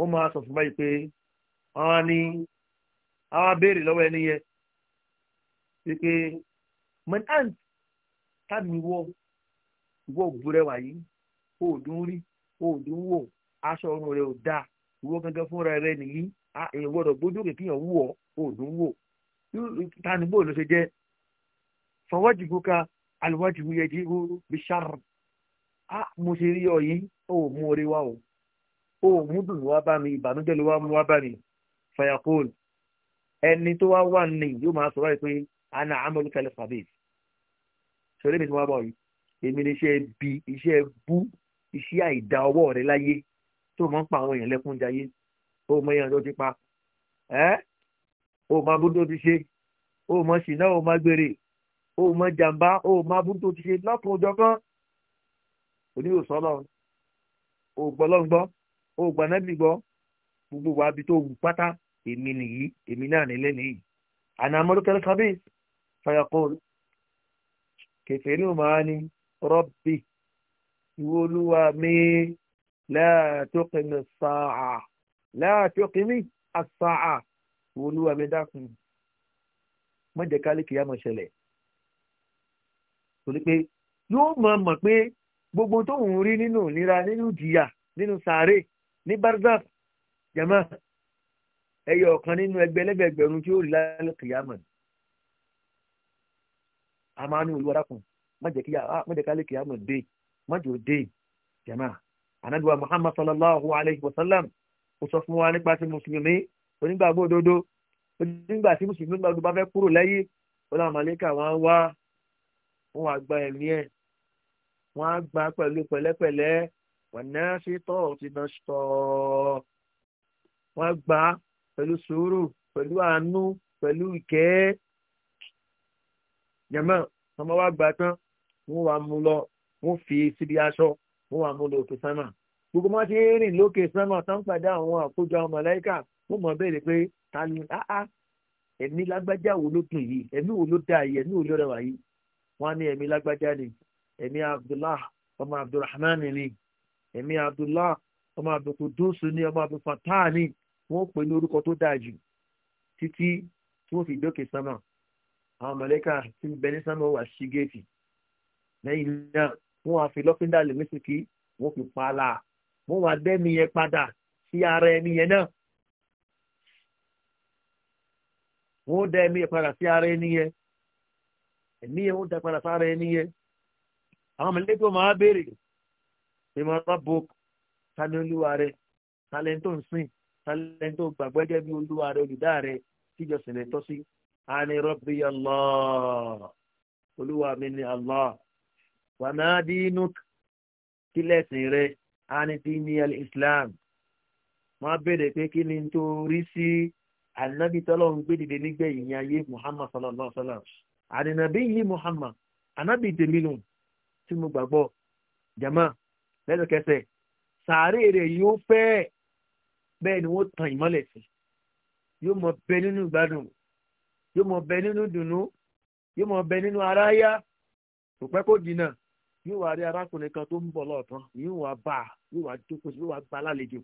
ó máa sọ fún báyìí pé àwọn ni àwọn béèrè lọ́wọ́ ẹni yẹ pé mọ̀n àǹt tàbí wọ ìwọ òbúrẹ́ wà yìí kó o dún rí kó o dún wò aṣọ ọrùn rẹ ò dáa ìwọ gangan fúnra rẹ nìyí èèyàn gbọ́dọ̀ gbójú òkè kíyàn wù ọ kó o dún wò ta ni bóòlù ṣe jẹ fọwọ́jì kúka àlùwájú yẹ jí rú bí sáà mo ṣe rí ọ yìí ó mú orí wá o ohun múdùn ló wá bá mi ìbànújẹ́ ló wá mú wá bá mi fayakol ẹni tó wá wà ní yóò máa sọ̀rọ̀ yìí pé ana amọ̀lú kẹlẹ́ fàbíyì sọ̀rọ̀ èmi tí wọ́n bá yìí èmi ní iṣẹ́ bí iṣẹ́ bú iṣẹ́ àìdá ọwọ́ rẹ láyé tó máa ń pa àwọn èèyàn lẹ́kún jayé ó mọ èèyàn tó ti pa ẹ́ ó máa bú tó ti ṣe ó mọ ṣìnà ó máa gbèrè ó mọ jàǹbá ó máa bú tó ti ṣe lọ́kùnrin ọjọ́ kan òní yóò sọ o gbà nábì gbọ́ gbogbo wa bi tó wù pátá èmi nìyí èmi náà nílé nìyí àná amọ́dúkẹ́lẹ́ kábíyèsí fayakol kẹfẹ́rí ò máa ní rọ́bì ìwọ olúwa mi láàtọ́kẹ́mi sáà láàtọ́kẹ́mi àsáà ìwọ olúwa mi dákun mọ̀jẹ̀ kálíkì yá torí pé yóò mọ̀ mọ̀ pé gbogbo tóun rí nínú ìnira nínú ìjìyà nínú sàárè ní barzakh jama ẹyọ ọ̀kan nínú ẹgbẹ́ ẹlẹ́gbẹ̀ẹ́gbẹ̀rún tí ó rí lálẹ́ kìyàmọ̀ a máa ní olúwa dákun má jẹ́ kí ah, má jẹ́ kálẹ̀ kìyàmọ̀ dé má jò dé jama anaduwa muhammad sallallahu alayhi wa sallam ó sọ fún wa nípa ti mùsùlùmí onígbàgbọ́ òdodo onígbà tí mùsùlùmí gbàgbọ́ bá fẹ́ kúrò láyé ọlọ́run màlẹ́kà wọn wá wọn wá gba ẹ̀mí ẹ̀ wọn á gba pẹ̀lú pẹ̀lẹ́pẹ̀lẹ́ wọ́n náà ṣe tọ́ ọ̀tí náà ṣọ́ wọ́n gbà pẹ̀lú sùúrù pẹ̀lú àánú pẹ̀lú ìkẹ́ yẹmọ́ ọmọ wa gbà tán wọ́n wà mú lọ wọ́n fi síbi aṣọ wọ́n wà mú lọ òkè sánmà gbogbo máa ti rìn lókè sánmà tán pàdé àwọn àkójọ àwọn mọ̀lẹ́kà wọ́n mọ̀ bẹ́ẹ̀ pé ta ni áá ẹ̀mí lágbájá wo ló dùn yìí ẹ̀mí wo ló dáa yìí ẹ̀mí wo ló rẹwà yìí wọ́n ní ẹ̀mí lágbájá ni ẹ̀mí abdullah ọmọ abdulrahman ni èmi abdullah ọmọ àbùkù dóòsù ní ọmọ àbùkù fatáà ní wọ́n pè ní orúkọ tó dáa jù títí tí wọ́n fi dókè sánmà àwọn mọ̀lẹ́kà tí ń bẹ ní sánmà wà sí géètì lẹ́yìn náà wọ́n á fi lọ́fíńdà lè mẹ́sìkì wọ́n fi pa á la wọ́n wá dẹ́mi yẹn padà sí ara ẹni yẹn náà. wọ́n dá yẹn padà sí ara ẹni yẹn ẹ̀mí yẹn wọ́n dá padà sí ara ẹni yẹn àwọn mọ̀lẹ́kà máa béèrè ìmọ̀ rabbuk tani olúwa rẹ talẹ̀ tó ń sìn talẹ̀ tó gbàgbọ́ jẹ́ bí olúwa rẹ olùdá rẹ tíjọsìn rẹ tọ́ sí ani rabbi allah olúwa mi ni allah wa ma dinuk kílẹ̀sìn rẹ ani dini al-islam máa béèrè pé kí ni tó rí sí anabi tọ́lọ́ ń gbé dìde nígbẹ̀yìn ní ayé muhammad sallallahu alaihi wa sallam àdìnàbí yìí muhammad anabi tèmi tí mo gbàgbọ́ jama lẹ́sẹ̀kẹsẹ̀ sàárè rẹ̀ yóò fẹ́ bẹ́ẹ̀ ni wọ́n tan ìmọ́lẹ̀ sí yóò mọ bẹ nínú ìgbádùn yóò mọ bẹ nínú dùnú yóò mọ bẹ nínú aráyá kò pẹ́ kó dínà yóò wá rí arákùnrin kan tó ń bọ̀ lọ́ọ̀tán yóò wá bá a yóò wá jókòó yóò wá gba lálejò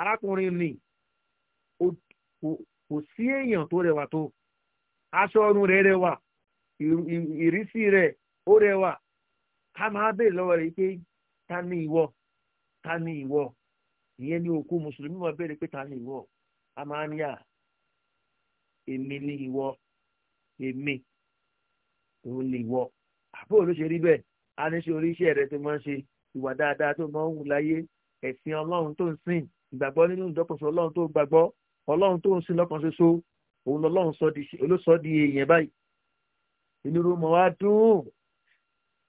arákùnrin ni kò sí èèyàn tó rẹwà tó aṣọ ọrùn rẹ̀ rẹwà ìrísí rẹ̀ ó rẹwà ká máa bèèrè lọ́wọ́ rẹ̀ pé ta ni ìwọ ta ni ìwọ ìyẹn ní òkú mùsùlùmí máa béèrè pé ta ni ìwọ a máa ń yà èmi ni ìwọ èmi òun ni ìwọ àbúrò ló ṣe rí bẹ́ẹ̀ a ní ṣe orí iṣẹ́ rẹ tó máa ń ṣe ìwà dáadáa tó máa ń wù láyé ẹ̀sìn ọlọ́run tó ń sìn ìgbàgbọ́ nínú ìdọ́kọ̀sọ ọlọ́run tó gbàgbọ́ ọlọ́run tó ń sìn lọ́kàn ṣoṣo òun lọ́lọ́run olóṣọ di èèyàn báyìí inú ro mọ̀ wá dùn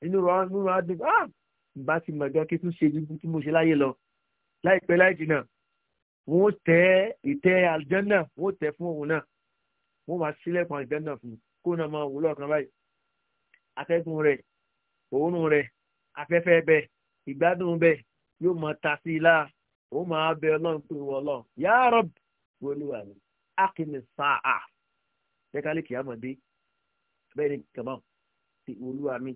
inú ro wá dùn ah bá ti mọ̀ gan kí tún ṣe ibi tí mo ṣe láyé lọ láìpẹ́ láì jìnnà wọ́n tẹ ìtẹ́ àlùjànnà wọ́n tẹ fún òun náà wọ́n máa sílẹ̀kùn àlùjànnà fún kó náà máa wò lọ́ọ̀kan báyìí atẹ́gùn rẹ̀ òórùn rẹ̀ afẹ́fẹ́ bẹ̀ ìgbádùn bẹ̀ yóò máa ta sí i láà ó máa bẹ ọlọ́run pé wọ́n lọ yá wọléwà ni akínní sáà jẹ́kálẹ̀ kìámọ̀dé bẹ́ẹ̀ ni kàmá ti olúwa mi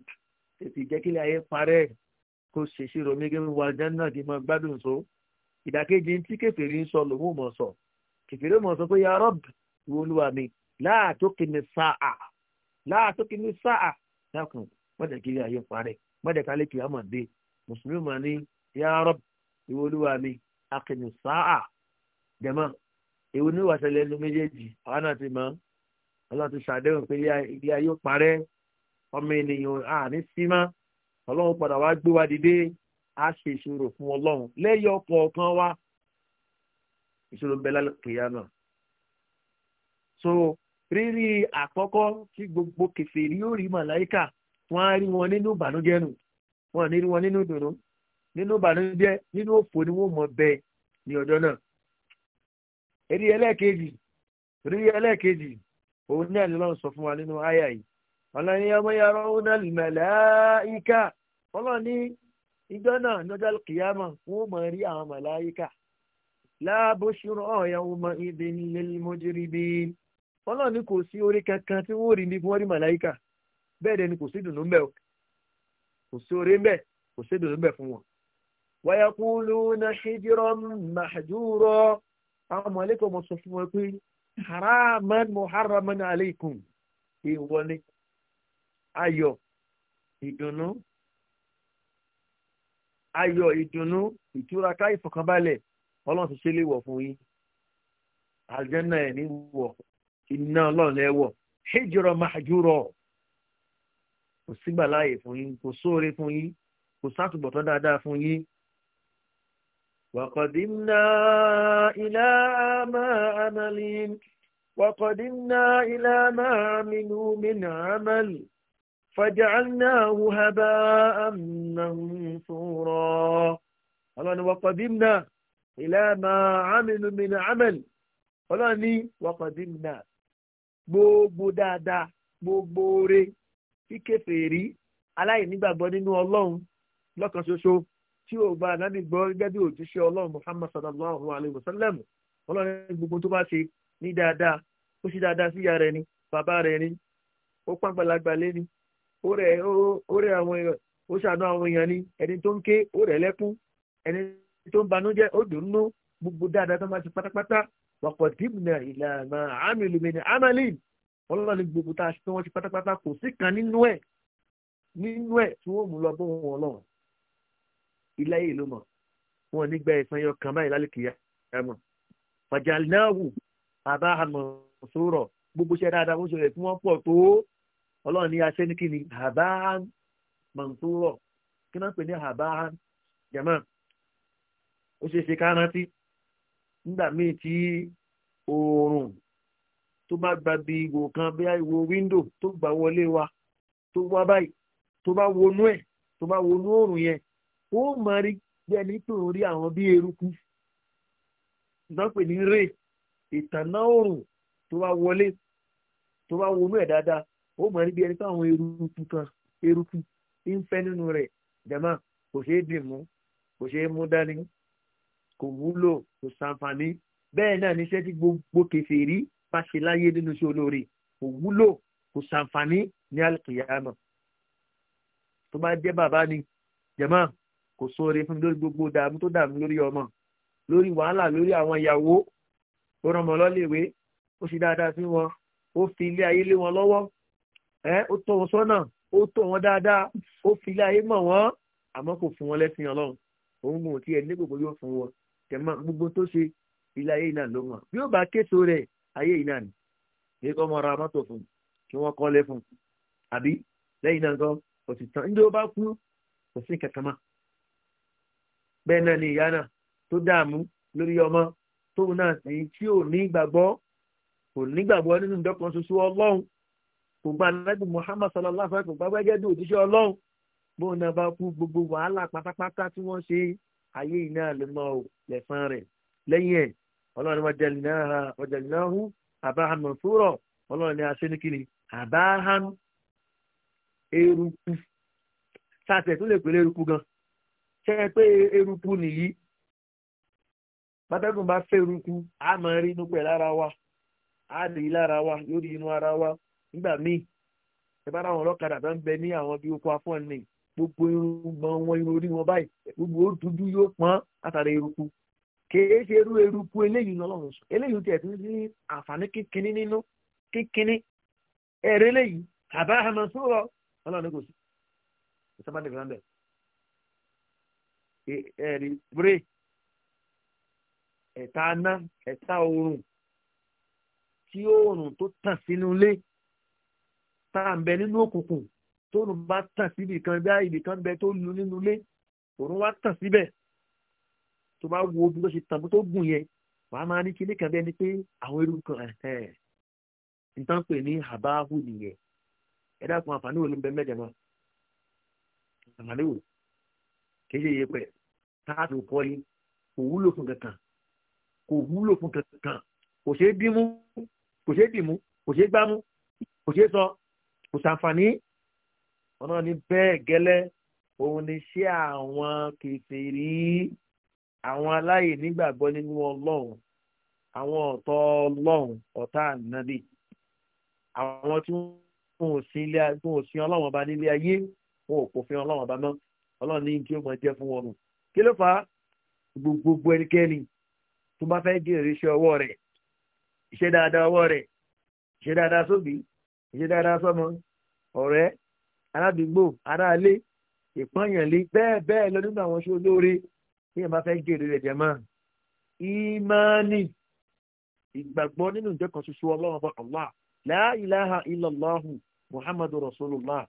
tètè jẹ́kílẹ̀ ayé parẹ́ kó ṣèṣì romi gé wà jẹ́nà kí mọ gbádùn so ìdàkejì tí kẹfìrí ń sọ lòun ò mọ̀ sọ kẹfìrí mọ̀ sọ pé ya rọ́b ìwọ olúwa mi láàtó kìíní sáà láàtó kìíní sáà dákun mọ̀jẹ̀ kiri ayé parẹ́ mọ̀jẹ̀ kálí kìí àmọ̀ dé mùsùlùmí mà ní ya rọ́b ìwọ olúwa mi akìíní sáà jẹ̀mọ́ ìwọ ní wàṣẹlẹ̀ ẹnu méjèèjì àwọn náà ti mọ̀ ọlọ́run ti ṣàdéhùn pé ilé ayé parẹ́ ọmọ ènìyàn àní ọlọ́run padà wá gbé wa dìde á ṣe ìṣòro fún ọlọ́run lẹ́yìn ọkọ̀ ọ̀kan wa ìṣòro ń bẹ lálùkìyà náà. so rírí àkọ́kọ́ tí gbogbo kèfèrí yóò rí màláìkà wọ́n á rí wọn nínú ìbànújẹ́ nù wọ́n á rí wọn nínú ìdùnnú nínú ìbànújẹ́ nínú òfò ni wọ́n mọ̀ bẹ ní ọjọ́ náà. rírí ẹlẹ́ẹ̀kejì rírí ẹlẹ́ẹ̀kejì òun náà ni lọ́run sọ fún wa nínú àyà yìí ọ̀nà ni ọmọ yàrá ọ̀nà màláíkà ọlọ́ ní ìjọ náà lọ́jọ́ kìyàmọ̀ wọ́n mọ̀ rí àwọn màláíkà láàbò ṣúrọ̀ ọ̀yàwó mọ ibi nílẹ̀ mọ́jírí bí ọlọ́ ní kò sí orí kankan tí wọ́n rí ní wọ́n rí màláíkà bẹ́ẹ̀ dẹ̀ kò sí dùnú mbẹ́ o kò sí orí mbẹ́ kò sí dùnú mbẹ́ fún wọn. wáyà kúlù na ṣíjírọ̀ màjúrọ̀ àwọn mọ̀lẹ́kọ̀ mọ̀ sọ fún wọn pé haraman muharraman aleikum ìwọ ni ayọ̀ ìdùnnú ayọ̀ ìdùnnú ìtúraká ìfọ̀kànbalẹ̀ ọlọ́run ti ṣe lè wọ̀ fún yín àlùjànnà ẹ̀ ní wọ̀ iná ọlọ́run ẹ̀ wọ̀ hijra mahjura kò sígbà láàyè fún yín kò sóore fún yín kò sátúbọ̀tán dáadáa fún yín. وقدمنا إلى ما عملين وقدمنا إلى ما عملوا من عمل فجعلناه هباء منثورا ọlọ́ni wàkọ̀dímnà ìlànà àmìlùmìnà عمل ọlọ́ni wàkọ̀dímnà gbogbo dáadáa gbogbo oore kíkẹfẹ̀ẹ́rí aláìnígbàgbọ́ nínú ọlọ́run lọ́kàn ṣoṣo tí ò gba ànábì gbọ́ gẹ́gẹ́ bí òjíṣẹ́ ọlọ́run muhammad sallallahu alayhi wa sallam ọlọ́ni gbogbo tó bá ṣe ní dáadáa ó ṣe dáadáa sí ìyá ni bàbá rẹ̀ ni ó pàgbàlagbà lé ni ó rẹ̀ ó rẹ̀ àwọn èèyàn ó ṣàánú àwọn èèyàn ni ẹni tó ń ké ó rẹ̀ lẹ́kún ẹni tó ń banújẹ́ ó dùn nú gbogbo dáadáa tó máa ti pátápátá wàkọ̀dìmùnà ìlànà àmìlùmínì àmàlì ọlọ́run ní gbogbo tá a ṣe tí wọ́n ti pátápátá kò sí kan nínú ẹ̀ nínú ẹ̀ tí wọ́n mú lọ bó wọn lọ́wọ́ ilé ayé ló mọ̀ wọn nígbà ẹ̀sán yọ kàn báyìí lálẹ́ kìíyà ẹ̀mọ̀ fàjálínáwù bàbá àmọ̀ sórọ̀ gbogbo iṣẹ́ dáadáa wọ́n ṣe rẹ̀ tí wọ́n pọ̀ tó ọlọ́run ní aṣẹ́ ní kíni habahan mansuro kí náà pè ní habahan jama ó ṣe ṣe kárántí nígbà míì tí oòrùn tó bá gba bí ìwò kan bí ìwò wíńdò tó gbà wọlé wa tó wá báyìí tó bá wọnú ẹ̀ tó bá wọnú oòrùn yẹn ó máa rí bẹ́ẹ̀ nítorí àwọn bí eruku náà pè ní rè ìtànná oòrùn tó bá wọlé tó bá wọnú ẹ̀ dáadáa ó mọ̀ níbi ẹni táwọn eruku kan eruku ń fẹ́ nínú rẹ̀ jama kò ṣeé dì mú kò ṣeé mú dání kò wúlò kò sàǹfààní bẹ́ẹ̀ náà níṣẹ́ tí gbogbo kèfèrí bá ṣe láyé nínú iṣẹ́ olóore kò wúlò kò sàǹfààní ní alìkìyàmọ̀ tó bá jẹ́ bàbá ni jama kò sóore fún mi lórí gbogbo dààmú tó dààmú lórí ọmọ lórí wàhálà lórí àwọn ìyàwó ó rán ọmọ lọ́lẹ̀wé ó ṣe dáadáa sí wọn ó fi ilé ayé lé wọn lọ́wọ́ ẹ ó tọ́ wọn sọ́nà ó tọ́ wọn dáadáa ó fi ilé ayé mọ̀ wọ́n àmọ́ kò fún wọn lẹ́sìn ọlọ́run òun kò tiẹ̀ ẹni gbogbo yóò fún wọn tẹ̀mọ́ gbogbo tó ṣe ilé ayé náà ló mọ̀ bí ó bá késo rẹ̀ ayé yìí ni kọ́ mọ mọ́tò fún kí wọ́n kọ́lé fún àbí lẹ́yìn náà gan kò sì tán ndé ó bá kú kò sí mọ́ bẹ́ẹ̀ náà ni ìyá náà tó dààmú kò gba muhammad sallallahu alaihi wa sallam gbàgbọ́ gẹ́gẹ́ bí òjíṣẹ́ ọlọ́run kú gbogbo wàhálà pátápátá tí wọ́n ṣe ayé iná lè rẹ̀ lẹ́yìn ẹ̀ ọlọ́run ni wọ́n eruku sàtẹ̀ tó lè eruku gan ṣe eruku nìyí pátákùn bá eruku rí lára wa nígbà míì ẹ bá ráwọn ọlọ́kadà tó ń bẹ ní àwọn bíi oko afọ́ni gbogbo irun mọ wọn irun orí wọn báyìí gbogbo ó dúdú yóò pọ́n látàrí eruku kèé ṣe irú eruku eléyìí lọ́lọ́run sọ eléyìí tiẹ̀ tún ní àǹfààní kíkiní nínú kíkiní ẹ̀rẹ́ eléyìí àbá àmọ́sọ́rọ̀ ọlọ́run kò sí ìsábàdì fúnlẹ̀ ẹ̀rí bírè ẹ̀ta aná ẹ̀ta oòrùn tí oòrùn tó tàn sínú ilé tá à ń bẹ nínú òkùnkùn tóòrùn bá tàn síbi kan bí ibì kan bẹ tó lu nínú ilé òòrùn wá tàn síbẹ̀ tó bá wo bí wọ́n ṣe tàn tó gùn yẹn wàá máa ní kíní kan bẹ́ẹ̀ ni pé àwọn ewu kan nǹkan pè ní àbáhù nìyẹn ẹ dákun àǹfààní wo ló ń bẹ mẹ́jọ náà àǹfààní wo kì í ṣe iye pẹ̀ táàtì kọ́lé kò wúlò fún kankan kò wúlò fún kankan kò ṣeé bímú kò ṣeé dìmú kò ṣeé gbámú kò ṣeé sọ kò sàǹfààní ọ̀nà ni bẹ́ẹ̀ gẹ́lẹ́ òun ni ṣé àwọn kìtìrí àwọn aláyè nígbàgbọ́ nínú ọlọ́run àwọn ọ̀tọ̀ ọlọ́run ọ̀tá ànábì àwọn tí wọn ò sin ọlọ́run ọba nílé ayé wọn ò pòfin ọlọ́run ọba mọ́ ọlọ́run ní kí ó mọ jẹ́ fún wọn nù kí ló fà á gbogbo ẹnikẹ́ni tó bá fẹ́ jèrè iṣẹ́ ọwọ́ rẹ̀ iṣẹ́ dáadáa ọwọ́ rẹ̀ iṣẹ́ dáadáa sóbì ìṣe dáadáa sọmọ ọ̀rẹ́ aládùúgbò aráalé ìpọ́nyànlé bẹ́ẹ̀ bẹ́ẹ̀ lọ nínú àwọn ṣó lóore bí ẹ̀ máa fẹ́ gèrè rẹ̀ jẹ̀ máa ìmánì ìgbàgbọ́ nínú ìjọ kan ṣoṣo ọlọ́run bọ́ allah la ilaha illallah muhammadu rasulullah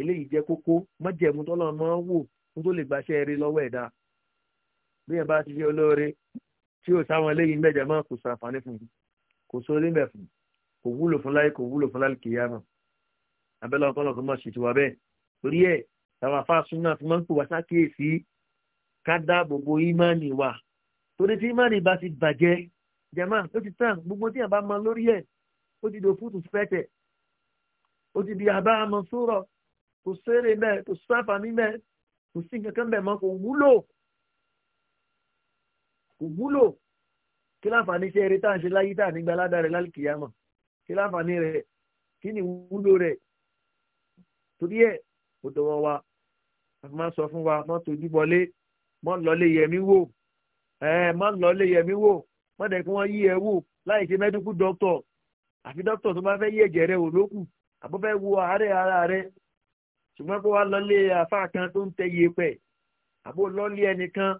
eléyìí jẹ́ kókó májẹ̀mú tọ́lọ́run máa ń wò fún tó lè gbaṣẹ́ rí lọ́wọ́ ẹ̀dá bí ẹ̀ bá ti ṣe olóore tí ò sáwọn eléyìí mẹ́jẹ̀ máa kò sàǹfààní fún kò sórí mẹ́fún kò wúlò fún láyé kò wúlò fún láyé kìíyà náà abẹ́lẹ́ ọkọ náà kò mọ̀ ṣètò wa torí ẹ̀ àwọn afáàsùn náà fi máa ń pè wá sákèésí ká dáàbòbò ìmánì wa torí tí ìmánì bá ti bàjẹ́ jẹ̀má ó ti tàn gbogbo tí àbá mọ lórí ẹ̀ ó ti dò fúùtù fẹ́tẹ̀ ó ti di àbá àmọ́ sórọ̀ kò sẹ́rẹ̀ mẹ́ kò sáfà ní mẹ́ kò sí nǹkan kan mọ́ kò wúlò kò wúlò kí láǹfààní iṣẹ́ eré tá à ń ṣe láyé tá à nígbà ládàá rẹ̀ lálùkìyàmọ̀ kí láǹfààní rẹ̀ kí ni wúlò rẹ̀ torí ẹ̀ kò dọ̀wọ́ wa àfi máa ń sọ fún wa má tójú bọlé má lọlé yẹmí wò ẹ má lọlé yẹmí wò má dẹ̀ kí wọ́n yí ẹ wò láì ṣe mẹ́díkù dọ́kítọ̀ àfi dọ́kítọ̀ tó bá fẹ́ yí ẹ̀jẹ̀ rẹ̀ wò lókù àbọ̀ fẹ́ wo àárẹ̀ ara rẹ̀ ṣùgbọ́n kó wá lọlé afá kan tó ń tẹ yẹpẹ̀ àbò lọlé ẹnìkan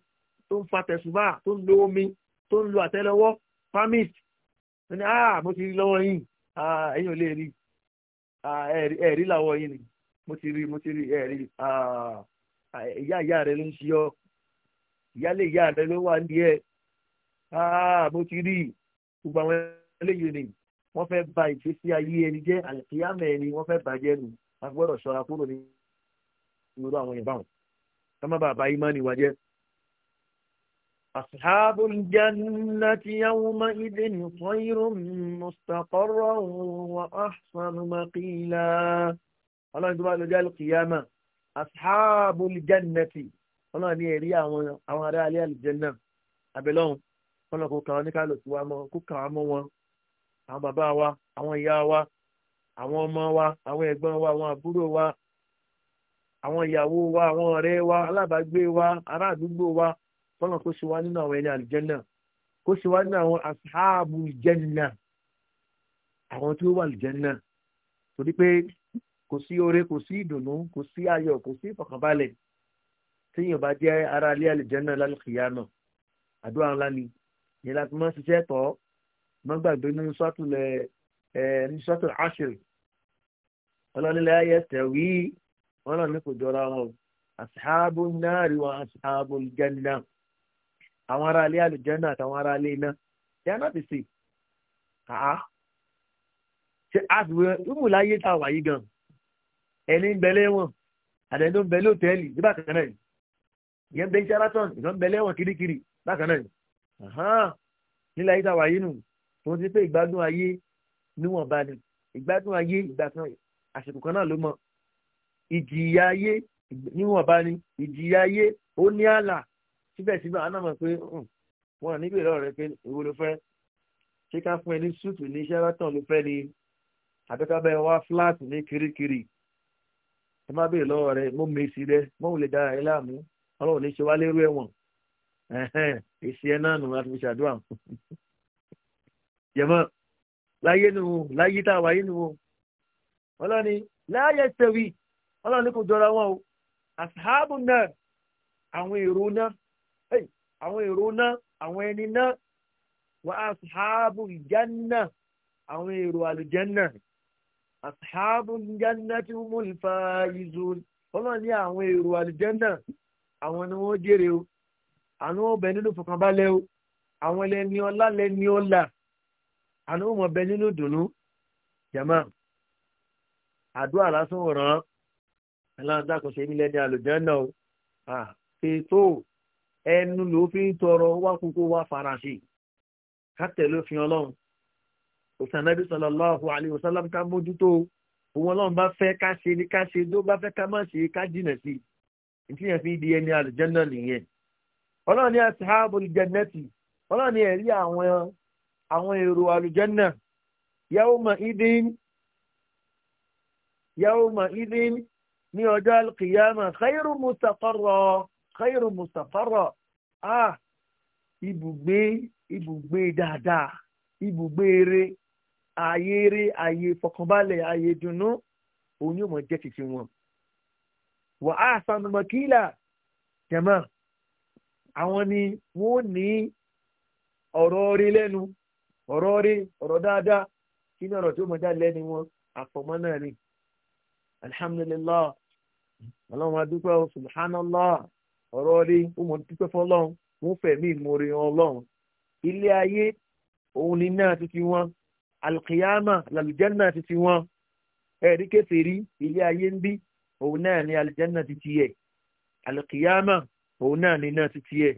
tó ń fa tẹ̀sùbà tó ń lo omi tó ń lo àtẹ́lẹwọ́ pamit ẹni ah mo ti rí lọ́wọ́ yìí ẹ̀yin ò lè rí ẹ̀rí làwọ̀ yìí ni mo ti rí mo ti rí ẹ̀rí ìyá ìyá rẹ ló ń ṣe ọ ìyálé ìyá rẹ ló wà ní ẹ mo ti rí gbogbo àwọn eléyìí ni wọ́n fẹ́ ba ìgbésí ayé ẹni jẹ́ àyàmẹ ẹni wọ́n fẹ́ bàjẹ́ nù a gbọ́dọ̀ ṣọ́ra kúrò ní irú àwọn ìbáwọn ká má bàa ba ìmọ̀ nìwà jẹ́ أصحاب الجنة يومئذ خير مستقرا وأحسن مقيلا الله يدعو إلى القيامة أصحاب الجنة الله يري أوان على الجنة أبلون الله كو كان قال تو أما كو كان wọn àwọn bàbá wa àwọn ìyá wa àwọn ọmọ wa àwọn ẹ̀gbọ́n wa àwọn àbúrò wa àwọn ìyàwó wa àwọn ọ̀rẹ́ wa alábàágbé wa ará àdúgbò wa kọ́nà kó ṣe wá nínú àwọn ẹni àlùjẹ́nà kó ṣe wá nínú àwọn asáàbù ìjẹ́nà àwọn tí ó wà àlùjẹ́nà torí pé kò sí oore kò sí ìdùnnú kò sí ayọ̀ kò sí ìfọ̀kànbalẹ̀ tíyàn bá jẹ́ ara ilé àlùjẹ́nà lálùkìyà náà àdúrà ńlá ni ìyẹn láti máa ṣiṣẹ́ tọ́ máa gbàgbé nínú sọ́tùlẹ̀ ẹ̀ ní sọ́tùlẹ̀ àṣírí ọlọ́nilẹ̀ ayẹ tẹ̀wí ọlọ́ni kò jọra wọn asáàbù náà rí wọn asáàbù àwọn ará ilé àlùjànnà àtàwọn ará ilé iná they are not the same àá ṣe àfiwé rúmù láyé tá a wà yìí gan ẹni ń bẹlẹ wọn àdẹni tó ń bẹlẹ òtẹ́ẹ̀lì ní bákan náà ìyẹn bẹ Sheraton ìyẹn ń bẹlẹ wọn kirikiri bákan náà nílẹ̀ ayé tá a wà yìí nù tó ti pé ìgbádùn ayé níwọ̀nba ni ìgbádùn ayé ìgbà kan àsìkò kan náà ló mọ ìjìyà ayé níwọ̀nba ni ìjìyà ayé ó ní ààlà síbẹ̀síbẹ̀ àwọn náà mọ̀ pé hmm, wọn níbi ìrọ̀ rẹ pé èwo ló fẹ́ ṣé ká fún ẹ ní súùtù ní Sheraton ló fẹ́ ni àbẹ́kábẹ́ wá fúláàtì ní Kirikiri ẹ má béèrè lọ́wọ́ rẹ mo mèsì rẹ mo ò lè dára ẹ láàmú ọlọ́run ní ṣe wá lérú ẹ̀wọ̀n èsì ẹ náà nù láti fi ṣàdúrà yẹmọ láyé nù láyé tá a wáyé nù ọlọ́ni láyé tẹ̀wí ọlọ́ni kò jọra wọn o àṣàbùn náà àwọn èrò náà àwọn èrò náà àwọn ẹni náà wà á sàábù ìjánná àwọn èrò àlùjánná àsàábù ìjánná tí mo lè fa ìzò ọlọ́run ní àwọn èrò àlùjánná àwọn ni wọ́n jèrè o àwọn ọbẹ̀ nínú fọkànbalẹ̀ o àwọn ẹlẹ́ni ọlá lẹ́ni ọlá àwọn ọmọ ọbẹ̀ nínú dùnú jama àdúrà lásán ràn án ẹlẹ́ni dákun ṣe nílẹ̀ ní àlùjánná o ètò ẹnu ló fi ń tọrọ wá kókó wá faransé kátẹ ló fi ọlọ́run òsànàbí sallallahu alaihi wasallam ká mójútó òun ọlọ́run bá fẹ́ ká ṣe ní ká ṣe tó bá fẹ́ ká má ṣe ká jìnà sí ìtí yẹn fi di ẹni àlùjànnà nìyẹn ọlọ́run ní ashabul jannati ọlọ́run ní ẹ̀rí àwọn àwọn èrò àlùjànnà yawma idin yawma idin ní ọjọ́ alqiyama khairu mustaqarra khairu mustaqarra ah ibùgbé ibùgbé dáadáa ibùgbé eré ààyè eré ààyè ìfọkànbalẹ̀ ààyè ìdùnnú òun yóò mọ̀ jẹ́ títí wọn. wà á sanumọ̀ kílà jẹ̀mọ́ àwọn ni wọ́n ní ọ̀rọ̀ orí lẹ́nu ọ̀rọ̀ orí ọ̀rọ̀ dáadáa kí ni ọ̀rọ̀ tó mọ̀ dá lẹ́nu wọn àfọ̀mọ́ náà ni alhamdulillah ọlọ́run adúpẹ́ subhanallah ọ̀rọ̀ rí wọ́n mọ̀ dúpẹ́ fọlọ́run wọ́n fẹ̀mí ìmoore ọlọ́run ilé ayé òun ni náà ti ti wọn alkiyama làlùjẹ́nà ti ti wọn ẹ̀rí kẹfẹ́rí ilé ayé ń bí òun náà ni alìjẹ́nà ti ti yẹ alkiyama òun náà ni náà ti ti yẹ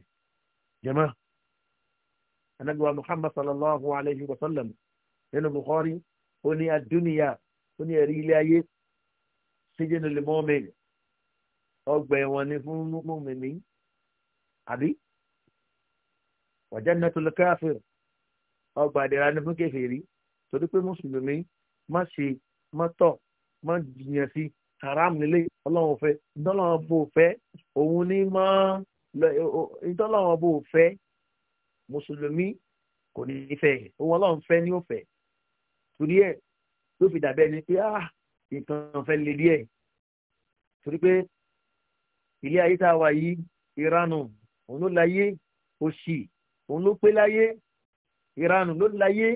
jẹ́mọ́ anagba muhammad sallallahu alayhi wa sallam nínú bukhari ó ní adúniya ó ní ẹ̀rí ilé ayé síjẹ́ nílùmọ́mẹ́lì ọgbà ẹ̀wọ̀n ni fún mímí àbí wàjánatul káfíìr ọgbà àdìrà ni fún kèfèrí torí pé mùsùlùmí má ṣe má tọ̀ má jiyàn sí haram nílé ọlọ́run fẹ́ ìdánlọ́wọ́n bò fẹ́ òun ní má ìdánlọ́wọ́n bò fẹ́ mùsùlùmí kò ní í òun ọlọ́run fẹ́ ní òfẹ́ torí ẹ̀ ló fi dàbẹ́ ni pé ah nǹkan fẹ́ lè díẹ̀ torí pé ilé ayé tá a wà yìí ìranù òun ló láyé òṣì òun ló pé láyé ìranù ló láyé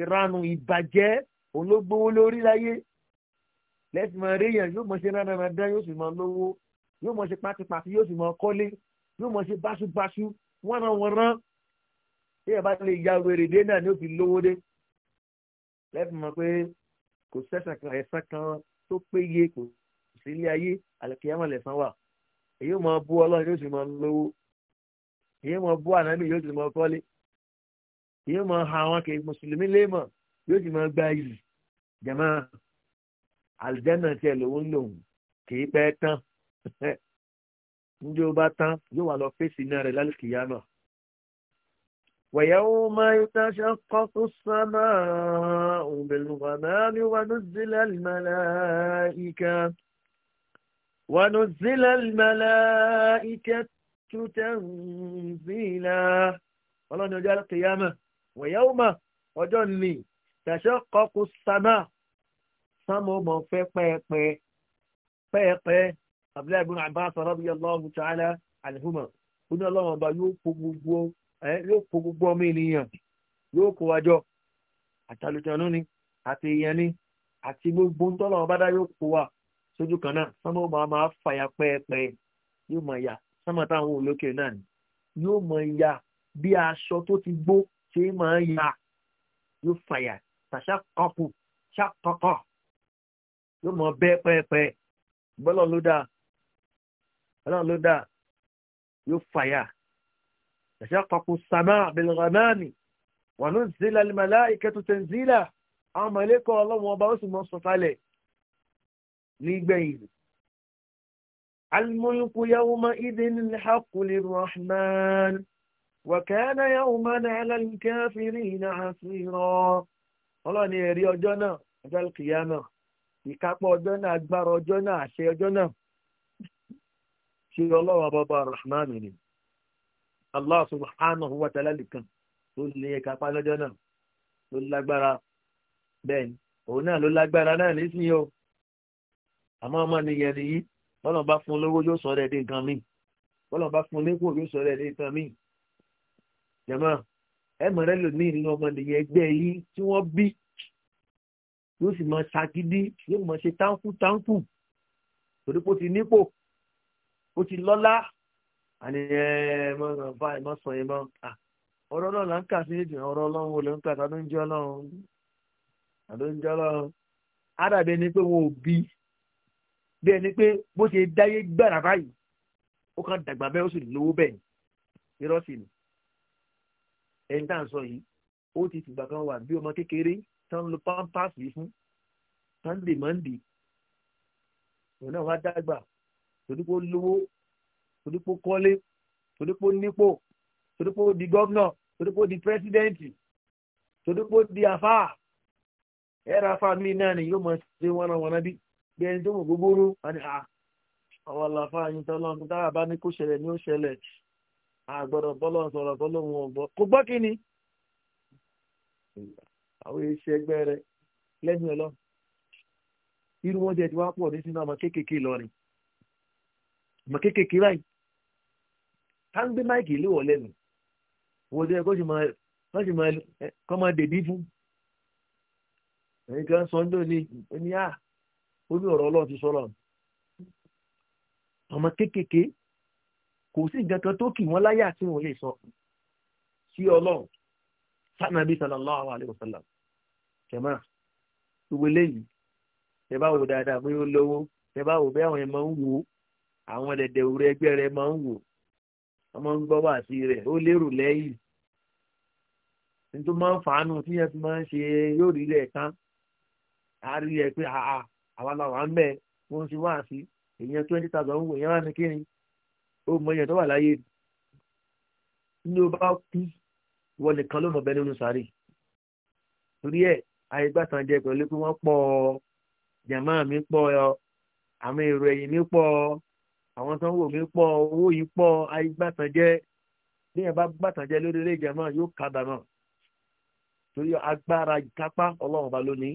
ìranù ìbàjẹ́ òun ló gbówó lórí láyé lẹ́sìn máa réyàn yóò mọ̀ ṣe rádaràdá yóò sì máa lówó yóò mọ̀ ṣe pátípátí yóò sì máa kọ́lé yóò mọ̀ ṣe báṣubáṣu wọ́nranwọ́nran tí ẹ bá lè ya wèrè dé náà ni ó fi lówó dé lẹ́sìn mọ̀ pé kò sẹ́sàn kan ẹ̀sán kan tó péye kò sí ilé ayé àlẹ́kẹ́yàmọ̀ lẹ́sàn wà èyí mọ bú ọlọ́run yóò sì mọ lówó èyí mọ bú ànábì yóò sì mọ kọ́lé èyí mọ ha àwọn kì í mùsùlùmí léèmọ̀ yóò sì mọ gba ìlú jẹ̀mọ́ àlùjẹ́nà tiẹ̀ lòun lòun kì í pẹ́ tán njẹ́ ó bá tán yóò wà lọ fèsì iná rẹ̀ lálẹ́ kìyà náà. ويوم يتشقق السماء بالغمام ونزل الملائكة ونزل الملائكة تنزيلا ọlọ́ni ọjọ́ alẹ́kẹ̀yàmà wẹ̀yàwùmá ọjọ́ ni tẹ̀sẹ̀ kọkù sàmà sàmà ọmọ fẹ́ pẹ́ẹ́pẹ́ pẹ́ẹ́pẹ́ abdullahi ibn abbas radiyallahu ta'ala anhuma oní ọlọ́run ọba yóò kó gbogbo yóò kó gbogbo ọmọ ènìyàn yóò kó wájọ àtàlùtàn ní àti èèyàn ní àti gbogbo ń tọ́lọ̀ ọba dá yóò kó wa sójú kan náà sánmọ́ máa máa fàyà pẹ́ẹ́pẹ́ yóò máa yà sánmọ́ táwọn olókè náà ni yóò máa yà bí aṣọ tó ti gbó ṣe máa yà yóò fàyà tàṣà kọ́pù ṣàkọ́kọ́ yóò máa bẹ́ pẹ́ẹ́pẹ́ bọ́lọ̀ ló dáa bọ́lọ̀ ló dáa yóò fàyà tàṣà kọ́pù sàmà bẹ̀lẹ̀rẹ̀mẹ́ni wọnú zílẹ̀ lẹ́mẹ̀lá ìkẹ́tù tẹ̀ zílẹ̀ àwọn mọ̀lẹ́kọ̀ ọlọ́wọ́n ọba ó sì mọ̀ sọ̀kalẹ̀ nígbẹ̀yìn. الملك يومئذ الحق للرحمن وكان يوما على الكافرين عسيرا ọlọ́ni ẹ̀rí ọjọ́ náà ọjọ́ kìíyá náà ìkápá ọjọ́ náà agbára ọjọ́ náà àṣẹ ọjọ́ náà ṣe ọlọ́run ọba rahman ni allah subhanahu wa ta'ala nìkan ló ní ìkápá lọ́jọ́ náà ló lágbára bẹ́ẹ̀ ni òun náà ló lágbára náà nísìnyí o àmọ́ ọmọ nìyẹn nìyí bọ́lọ̀ bá fún olówó yóò sọ rẹ̀ dé nǹkan míì bọ́lọ̀ bá fún onípò yóò sọ rẹ̀ dé nǹkan míì jẹ̀mọ́ ẹ mọ̀rẹ́ lòmíì nínú ọmọ nìyẹn ẹgbẹ́ yìí tí wọ́n bí yóò sì máa ṣagídí yóò máa ṣe táǹkù táǹkù torí pé ó ti nípò ó ti lọ́lá àní ẹ mọ bá ẹ mọ sọ yẹn mọ ọ̀rọ̀ náà là ń kà sí èdè ọ̀rọ̀ ọlọ́run olè ń kà tá ló ń jẹ́ ọlọ́run tá ló ń jẹ́ ọlọ́run á dàbí ẹni pé wọn ò bí bí ẹni pé bó ṣe dáyé gbàrà báyìí ó kàn dàgbà bẹ́ẹ̀ ó sì lówó bẹ́ẹ̀ irọ́ sì ni ẹni tá à ń sọ yìí ó ti tìgbà kan wà bí ọmọ kékeré tó ń lo pampers yìí fún sunday monday òun náà wá dàgbà torípò lówó torípò kọ́lé torípò nípò torípò di gọ́vnọ̀ torípò di pírẹ́sídẹ́ǹtì torípò di afá ẹ̀rọ afá mi náà ni yóò mọ̀ ṣe wọ́nà wọ́nà bí bí ẹni tó mọ̀ gbogbooro wọn ni àwọn àlàfà yìí tán lọ́nà tára bá ní kó ṣẹlẹ̀ ní ó ṣẹlẹ̀ àgbọ̀dọ̀ bọ́lọ̀ sọ̀rọ̀ bọ́lọ̀ wọn gbọ́ kò gbọ́ kí ni àwọn iṣẹ́ ẹgbẹ́ rẹ lẹ́yìn ọlọ́run irú wọn jẹ́ ti wá pọ̀ ní sínú ọmọ kéékèèké lọ́rin ọmọ kéékèèké báyìí ká ń gbé máìkì léwọ̀ lẹ́nu wo jẹ́ kó sì máa kọ́ máa dèbí fún ẹ̀yìn kan sọ ń dò ní ó ní ọ̀rọ̀ ọlọ́run ti sọ́lọ̀ ọmọ kéékèèké kò sí nǹkan kan tó kì wọ́n láyà tí wọ́n lè sọ sí ọlọ́run sanabi sallallahu alayhi wa sallam jẹ̀mọ́ ìwé lẹ́yìn ẹ bá wò dáadáa pé ó lówó ẹ bá wò bí àwọn ẹ̀ máa ń wò àwọn dẹ̀dẹ̀ òru ẹgbẹ́ rẹ̀ máa ń wò ọmọ ń gbọ́ wá sí rẹ̀ ó lérò lẹ́yìn nítorí máa ń fàánù tí yẹn fi máa ń ṣe yóò rí rẹ̀ tán á rí rẹ̀ pé àà àwa làwọn à ń bẹ wọn ti wá àfi èèyàn twenty thousand wò èèyàn wà ní kíni ó mọ èèyàn tó wà láyé ní o bá kú wọn nìkan ló mọ bẹ nínú sáré torí ẹ àyègbàtàn jẹ pẹ̀lú pé wọn pọ̀ jàmá mi pọ̀ àwọn èrò ẹ̀yìn mi pọ̀ àwọn tó ń wò mí pọ̀ owó yìí pọ̀ àyègbàtàn jẹ bí yẹn bá gbàtàn jẹ lórí ilé ìjàmá yóò kábàámọ̀ torí agbára ìkápá ọlọ́run ọba lónìí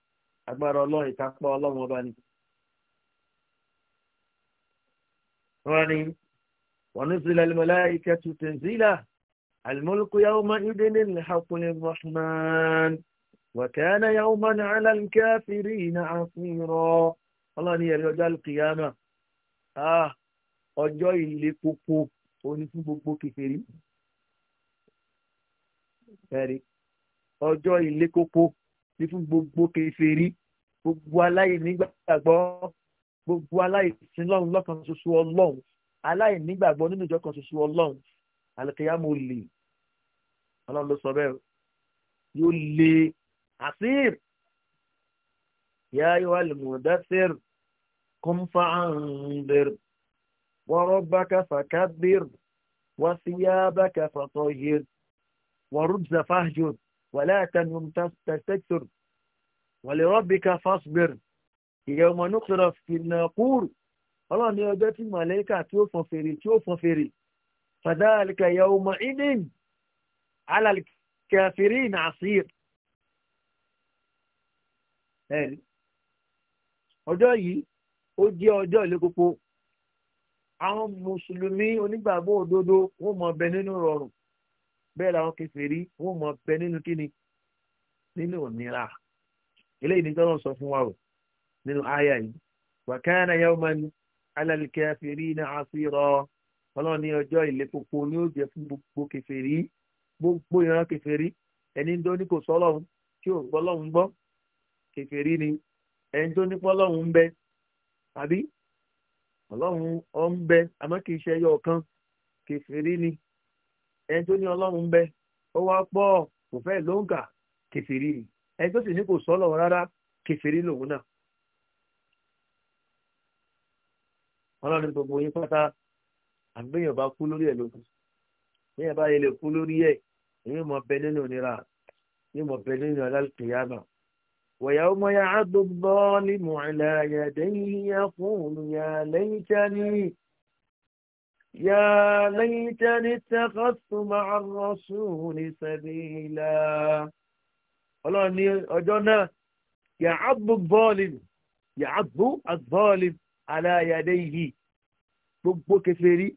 agbára ọlọ́run ìkápá ọlọ́run ọba ni. wọ́n ní wọ́n ní sílẹ̀ alimọ̀lá ike tuntun zila alimọ̀lùkù yahoo man yóò déné ní hakunlẹ̀ rahman wàkẹ́ẹ́nà yahoo man ala kẹfìrí iná àfihàn ọlọ́run ní ọjọ́ alùkìyàmà ah, ọjọ́ ilé kókó oní fún gbogbo kékeré ọjọ́ ilé kókó ní fún gbogbo kèfèrí gbogbo aláìnígbàgbọ́ gbogbo aláìsínlọ́run lọ́kan ṣoṣo ọlọ́run aláìnígbàgbọ́ nínú ìjọ kan ṣoṣo ọlọ́run àlùkìyàmù lè ọlọ́run ló sọ bẹ́ẹ̀ yóò lè àṣír yá yóò alìmọ̀dáṣír kọ́ńfà àǹdẹ̀r wọ́rọ́bàkà fàkàbír wàṣíyàbàkà fàtọ̀yẹr wọ́rùbzàfàjọ́d. ولا تنم تستكثر ولربك فاصبر يوم نقر في الناقور ọlọ́run ní ọjọ́ tí mọ̀lẹ́kà tí ó fọn fèrè tí ó fọn fèrè fàdáàlìkà yawma idin alàlìkàfèrè nàásìr. ọjọ́ yìí ó jẹ́ ọjọ́ ilé kókó àwọn mùsùlùmí onígbàgbọ́ òdodo wọ́n mọ̀ ọbẹ̀ nínú rọrùn bẹ́ẹ̀ làwọn kèfèrí wọ́n mọ̀ bẹ nínú kíni nínú òmìnira eléyìí ní tọ́lọ́ sọ fún wa o nínú àyà yìí wa kana yawman ala al-kafirina asira ọlọ́run ní ọjọ́ ilé popo ni ó jẹ fún gbogbo kèfèrí gbogbo ìran kèfèrí ẹni tó ní kò sọ́lọ́run tí ò gbọ́ lọ́run gbọ́ kèfèrí ni ẹni tó ní pọ́ lọ́run ń bẹ àbí ọlọ́run ọ̀ ń bẹ àmọ́ kì í ṣe ẹyọ kan kèfèrí ni ẹni tó ní ọlọ́run bẹ ó wá pọ̀ kò fẹ́ lóǹkà kẹfìrí ni ẹni tó sì ní kò sọ́lọ̀ rárá kẹfìrí lòun náà. ọlọ́run gbogbo yín pátá àgbéyàn bá kú lórí ẹ̀ lókun bẹ́ẹ̀ bá yẹ lè kú lórí ẹ̀ èyí bẹ nínú ìnira èyí bẹ nínú alákìyàmà. يا ليتني اتخذت مع الرسول سبيلا ọlọ́run ní ọjọ́ náà yàábù bọ́ọ̀lìm yàábù àbọ́ọ̀lìm aláyàdé yìí gbogbo kẹfẹ́rí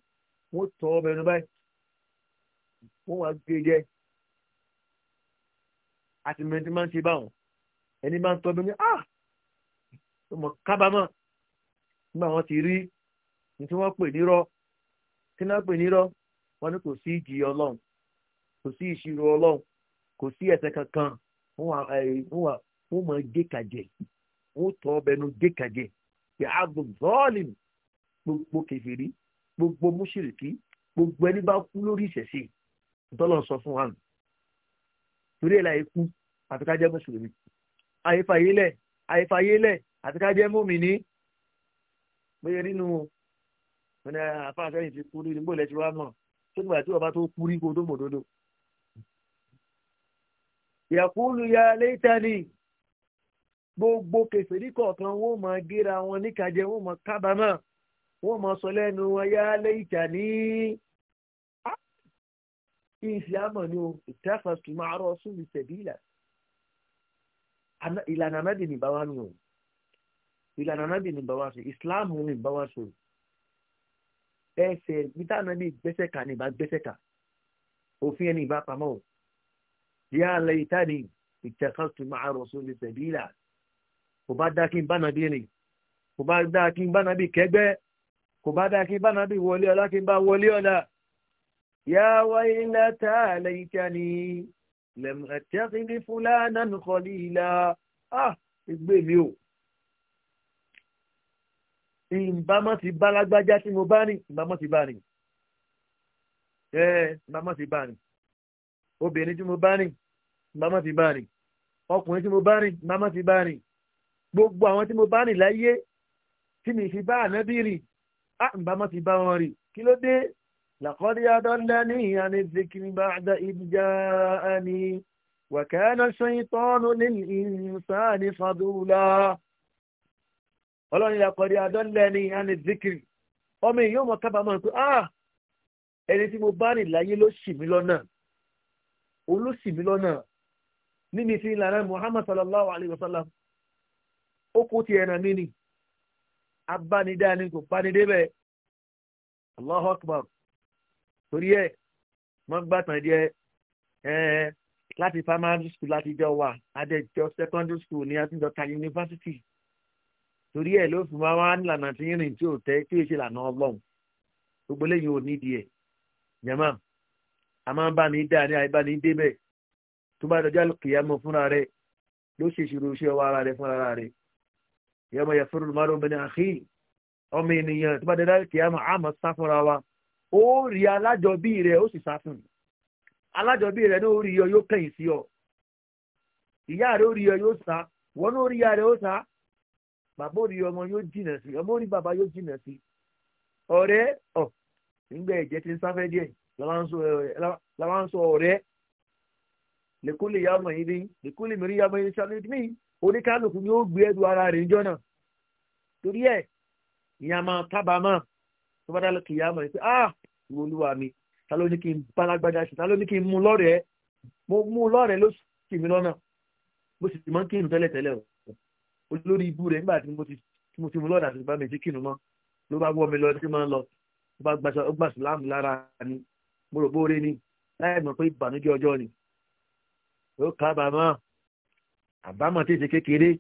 wọ́n tọ́ ọmọ ẹnu báyìí wọ́n wá gbé jẹ́ àti mẹ́tí máa ń ṣe báwọn ẹni máa ń tọ́ ọmọ ah ọmọ kábàámọ̀ nígbà wọn ti rí ní tí wọ́n pè nírọ́ kí náà pè nírọ́ wọn ní kò sí ìjì ọlọ́run kò sí ìṣirò ọlọ́run kò sí ẹ̀ṣẹ̀ kankan wọ́n mọ̀ gékàjẹ́ wọ́n tọ́ ọbẹ̀nu gékàjẹ́ pé ààbò zọ́ọ̀lìm gbogbo kẹfìrí gbogbo mùsùlùkì gbogbo ẹni bá kú lórí ìṣẹ̀ṣe ìtọ́lọ̀ sọ fún wa nù torí ẹ̀ láyé kú àti mùsùlùmí àyèfàyélẹ̀ àyèfàyélẹ̀ àti ká jẹ́ bóyá nínú wọn ní ah, àfáà sẹ́yìn ti kú rí nígbò lẹ́tí wá mọ̀ sígbà tí ọba tó kú rí kó tó dodo. yàkúlù ya létani gbogbo kẹfìrí kọ̀ọ̀kan wọ́n mọ̀ gíra wọn níkàjẹ wọ́n mọ̀ kábàámọ̀ wọ́n mọ̀ sọ lẹ́nu ya létani ìṣe àmọ̀ ni o ìtẹ́fàṣù máa rọ sùn ní sẹ̀bílà ìlànà náà dì ní bá wà nù ìlànà náà dì bá wà sùn ìsìláàmù ní bá wà sùn ẹsẹ̀ níta náà bí gbẹ́sẹ̀ kà ní ìbá gbẹ́sẹ̀ kà òfin ẹni ìbá pamọ́ o yà á lẹ ìta ni ìtẹ̀kọ́tù máa rọ̀ sórí sẹ̀bíìlà kò bá dá kí n bá nàbí rìn kò bá dá kí n bá nàbí kẹgbẹ́ kò bá dá kí n bá nàbí wọlé ọlá kí n bá wọlé ọ̀la yà wáyé lẹ́tà lẹ́yìntà ni lẹ́mùtẹ́sí ní fúlànà nìkọ́lì ìlà ah ìgbé mi o ìbámọ́ ti bá lágbájá tí mo bá rìn ìbámọ́ ti bá rìn ẹ ìbámọ́ ti bá rìn obìnrin tí mo bá rìn ìbámọ́ ti bá rìn ọkùnrin tí mo bá rìn ìbámọ́ ti bá rìn gbogbo àwọn tí mo bá rìn láyé tí mi fi bá ànábì rìn á ìbámọ́ ti bá wọn rìn kí ló dé làkọ́dé adọ́lẹ́ni àni zikiri bá àdá ìdíjà àni wàkẹ́ náà ṣe ìtọ́nu ní ìsáàní fàdúrà ọlọ́run ilẹ̀ àkọ́dé adọ́lẹ̀ ni a ní zikiri ọmọ èyí yóò mọ kábàámọ̀ pé ah ẹni tí mo bá rìn láyé ló ṣì mí lọ́nà òun ló ṣì mí lọ́nà níbi tí ìlànà Muhammad sallallahu alayhi wa sallam ó kó ti ẹ̀ràn mi ni abánidáni kò bánidébẹ̀ Allahu akbar torí ẹ̀ mọ́ gbàtàn jẹ láti primary school láti jọ wà adẹ́jọ́ secondary school ní àtijọ́ ta yunifásitì torí ẹ̀ ló fi máa wá nílànà tí ń rìn tí ò tẹ́ tí ò ṣe lànà ọlọ́run gbogbo lẹ́yìn ò nídìí ẹ̀ yàmá a máa ń bá ní dáa ní àìbá ní débẹ̀ tó bá dọjọ́ kìyà mọ́ fúnra rẹ̀ ló ṣe ìṣòro iṣẹ́ ọwọ́ ara rẹ̀ fúnra rẹ̀ yàmá yà fúnra rẹ̀ lọ́mọ ní àkí ọmọ ènìyàn tó bá dọjọ́ kìyà mọ́ àmọ́ sá fúnra wa ó rí alájọbí rẹ̀ ó sì sá fún alájọbí rẹ̀ ní orí yọ yóò kẹ́yìn sí ọ ìyá rẹ̀ ó yọ yóò sá wọn ó rí yá rẹ̀ ó sá bàbá òrí ọmọ yóò jìnà sí ọmọ òrí bàbá yóò jìnà sí ọ̀rẹ́ ọ̀ nígbà ẹ̀jẹ̀ ti ń sáfẹ́ díẹ̀ làwọn eh, ń sọ ọ̀rẹ́ lèkúlè yá ọmọ yìí ní lèkúlè mìíràn yá ọmọ yìí sáré ní oníkálukú ni ó gbé ẹrù ara rẹ̀ níjọ́ náà torí ẹ̀ ìyá máa kábàámọ̀ tó bá dálé kìyà mọ̀ pé ah ìwọ olúwa mi ta ló ní kí n balagbada ṣe ta ló ní kí n mú lọ́rẹ̀ẹ́ mú lọ́rẹ̀ẹ́ ló sì mí mo sì mọ́ kí n tẹ́lẹ̀ tẹ́lẹ̀ o olórí ibú rẹ̀ nígbà tí mo ti mú lọ́dà tó bá mi ti kìnnú mọ́ ló bá wọ́ mi lọ tí máa ń lọ ó bá gbaṣọ ó gbà sùlámù lára ni mo rò bóore ni láì mọ̀ pé ìbànújẹ́ ọjọ́ ni ó kábàámọ̀ àbámọ̀ tí ìṣe kékeré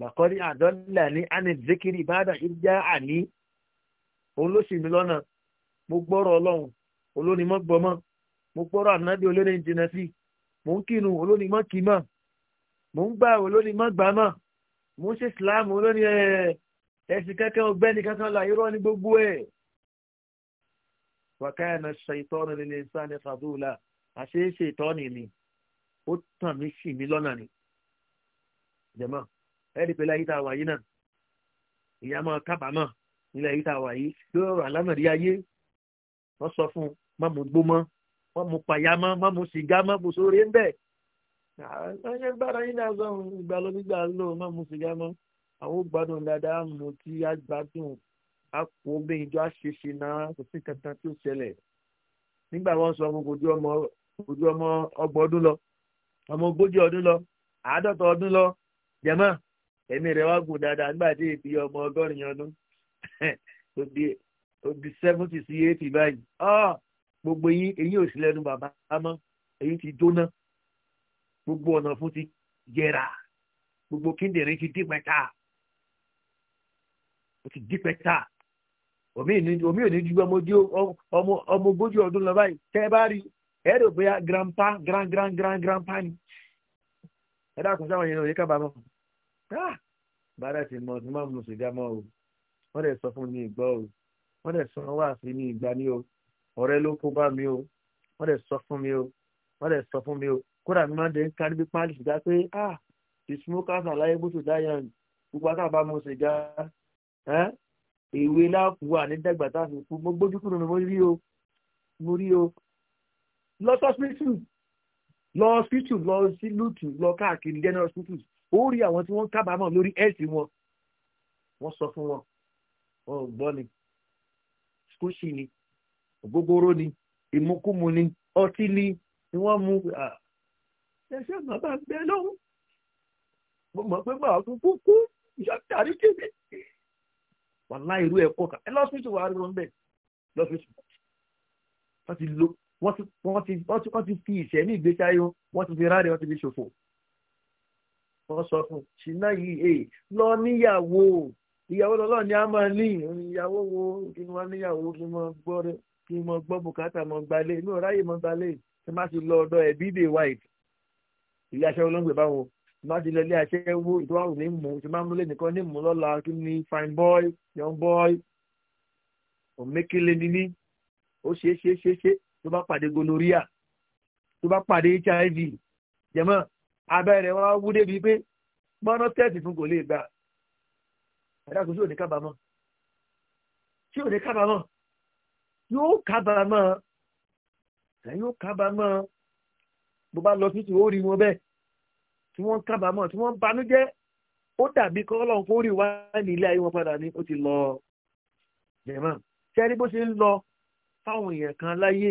làkọ́rí àdọ́là ní anizikiri bàdà ìjà àní òun ló sì mí lọ́nà mo gbọ́rọ̀ ọlọ́run olónìmọ́ gbọ́mọ́ mo gbọ́rọ̀ ànábì olónìí jìnnà sí mò ń kírun olónìmọ́ kìímọ̀ mò ń gbà olónìmọ́ gbàmọ́ mo ń ṣe ìsìláàmù lónìí ẹ ẹ̀sìn kẹ́kẹ́ ọgbẹ́ni kankan là irọ́ ní gbogbo ẹ̀ wàkàyànà ṣàìtọ́nù lè sáni fàdúrà àṣeéṣe ìtọ́ni ni ó tàn mí sì mí lọ́nà ni jẹ̀mọ́ ẹ̀rí pẹ̀lú ayé tá a wà yìí náà ìyá máa kábàámọ̀ nílẹ̀ ayé tá a wà yìí lórí ayé wọ́n sọ fún un má mú gbó mọ́ má mú payá mọ́ má mú sìgá mọ́ bùsọ̀rẹ́ ń bẹ́ẹ̀ ẹ gbára yín náà sọ̀rọ̀ ìgbàlódégbà lò má mu sìgá mọ́ àwọn gbádùn dáadáa mo ti àgbàdùn àpò obìnrin ìjọ àṣeṣe náà kò sí kankan tí ó ṣẹlẹ̀ nígbà wọn sọ fún ojú ọmọ ojú ọmọ ọgbọ̀n ọdún lọ ọmọ ogójì ọdún lọ àádọ́ta ọdún lọ jẹ̀mọ́ ẹ̀mí rẹ̀ wá gùn dáadáa nígbà tí èpì ọmọ ọgọ́rin ọdún òbí seventy sí eighty báyìí ah, gbogbo eyín eyín ò sí lẹ́nu bàbá mọ́ eyín ti jóná gbogbo ọ̀nà fún ti jẹrà gbogbo kíndìnrín ti dín pẹ́ta ó ti dín pẹ́ta omi ò ní ju ọmọ ogójì ọdún lọ báyìí tẹ́ bá rí ẹ rò bóyá grandpa grand grand grand grandpa ni ẹ dákun sáwọn yẹn òye kábàámọ̀ ah! bàdà ti mọ ọdún máa mú sìgá mọ́ o wọ́n dẹ̀ sọ fún mi ìgbọ́ o wọ́n dẹ̀ sọ wá sí ní ìgbà ni o ọ̀rẹ́ ló kó bá mi o wọ́n dẹ̀ sọ fún mi o wọ́n dẹ̀ sọ fún mi o kódà mi máa ń dẹ̀ ń kárí bí páálí sìgá pé ah the smokers are liable to die young gbogbo àtàbà mu sìgá èwe láàpù ànídàgbà tá a fi kú mo gbójú kúrò mo rí o mo rí o lọ sọ́sìpítù lọ sọ́sìpítù lọ sí lùtù lọ káàkiri general hospital ó rí àwọn tí wọ́n kábàámọ̀ lórí ẹ̀sìn wọn wọ́n sọ fún wọn wọn ò gbọ́ ni skúṣì ni ògógóró ni ìmukúmu ni ọtí ni ni wọ́n mú ah, ẹ̀ṣẹ́ bàbá ń bẹ lọ́wọ́ mo mọ̀ pé màá tún kú kú ìṣọ́ tàbí kébé wàlá irú ẹ̀kọ́ kan ẹ lọ́sítù wà á rí wọn bẹ́ẹ̀ lọ́sítù wọ́n ti lo wọ́n ti wọ́n ti wọ́n ti wọ́n ti fi ìṣẹ́ ní ìgbésí ayé wọ́n ti fi ráre wọ́n ti fi ṣòfò wọ́n sọ fún ṣìnà yìí ẹ̀ eh, lọ níyàwó ìyàwó lọ́lọ́ ni a máa ní ìyàwó wo kí wọ́n níyàwó kí wọ́n gbọ́ kí wọ́n bùkátà mọ́ gbalẹ̀ inú ọ̀ráyè mọ́ gbalẹ̀ ṣe má ti lọ ọ̀dọ̀ ẹ̀bí dè white ilé aṣẹ́wó ló ń gbé báwo má ti lọ ilé aṣẹ́wó ìtọ́wárò ní mú ti máa ń múlẹ̀ nìkan ní mú lọ́la kí ni fine boy young boy òmekele níní ó ṣe ṣe ṣe ṣe tó bá pàdé gonorrhea tó bá pàdé hiv jẹ̀mọ́ abẹ́rẹ́ wa wú débi pé mọ́nà tẹ́ẹ̀tì fún kò lè gbà ẹ̀dá kò sí òní kábàámọ̀ sí òní kábàámọ̀ yóò kábàámọ̀ yóò kábàámọ̀ bó bá lọ títí ó rí wọn bẹ́ẹ̀ tí wọ́n kábàámọ̀ tí wọ́n banújẹ́ ó dàbí kọ́lọ́n kó rí wá ní ilé ayé wọn padà ní ó ti lọ jẹ̀mọ́ sẹ́ni bó ṣe ń lọ fáwọn èèyàn kan láyé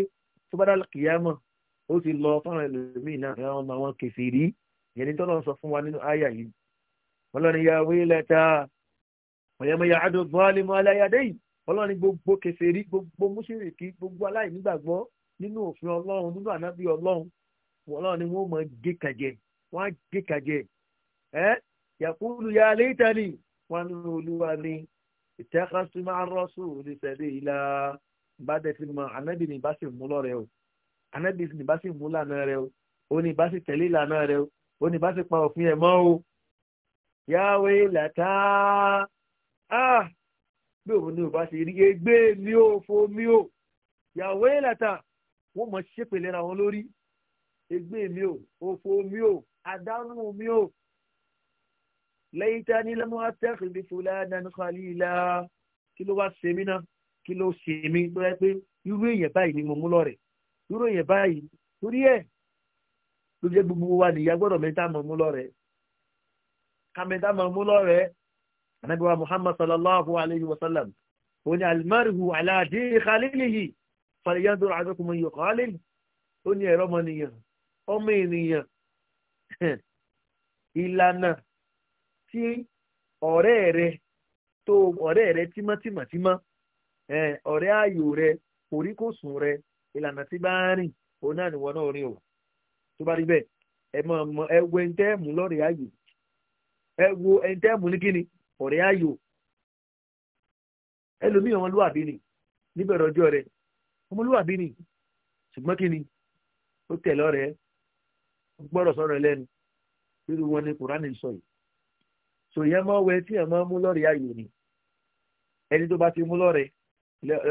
tó bá dá kìyàmọ̀ ó ti lọ fáwọn ẹlòmíì náà àwọn ọmọ àwọn kèfèrí yẹni tọ́lọ̀ sọ fún wa nínú àyà yìí ọlọ́ni ya wí lẹ́ta ọ̀yẹ́mọ̀ ya adùn bọ́ọ̀lì mọ́ aláyàdé yìí ọlọ́ni gbogbo kèfèrí gbogbo mùsùlùmí gbogbo aláìnígbàgbọ́ nínú òfin ọlọ́run nínú ànábì ọlọ́run wọ́n ní wọ́n mọ̀ gé kàjẹ́ wọ́n á gé kàjẹ́ ẹ́ yàkúlù ya létani wọ́n ní olúwa ní ìtẹ́kasímọ́ arọ́sù oníṣẹ́lẹ̀ ìlà ìbádẹ́símọ́ anábì ní ìbá sì mú lọ́rẹ́ o anábì ní ìbá sì mú lànà rẹ o ó ní ìbá sì tẹ̀lé ìlànà rẹ o ó ní ìbá sì pa òfin ẹ̀ mọ́ o yàwé làtà áà bí òun ní òbá ṣe rí egbé mi ò fo mi ò yàwé làtà wọ́n mọ̀ ṣépè lẹ́ra wọn lórí ègbé mi o òfò mi o àdánù mi o lẹ́yìn tí a ní lẹ́mú atẹ́kìlì fúlẹ́ nánú khalila kí ló wá ṣe mí náà kí ló ṣe mí tó yẹ pé irú èèyàn báyìí ni mo mú lọ rẹ̀ irú èèyàn báyìí torí ẹ̀ ló jẹ́ gbogbo wa nìyá gbọ́dọ̀ mẹ́ta mọ̀ mú lọ rẹ̀ ká mẹ́ta mú lọ rẹ̀ anabiwa muhammad sallallahu alayhi wa sallam ó ní alimarhu aláàdé khalilihi fàlẹ́yàndó àdókùnmọ̀ yìí kọ́lẹ́lì ó ní ẹ̀rọ ọmọnìyàn ọmọ ènìyàn ìlànà tí ọ̀rẹ́ rẹ tó ọ̀rẹ́ rẹ tímọ́tímọ́tímọ́ ọ̀rẹ́ ayò rẹ oríkòsùn rẹ ìlànà tí bá ń rìn òun náà nìwọ náà rìn o tó bá rí bẹ́ẹ̀ ẹ ọmọ ẹ mú ẹ wo ní kíni ọ̀rẹ́ ẹlòmíì ọmọlúwàbí ni níbẹ̀rẹ̀ ọjọ́ rẹ ọmọlúwàbí ni ṣùgbọ́n kíni ó gbọ́dọ̀ sọ̀rọ̀ lẹ́nu irú wọn ni kùránì sọ yìí so ìyẹn máa wẹ tí ẹ máa mú lọ́rẹ̀ ayò ni ẹni tó bá ti mú lọ́rẹ̀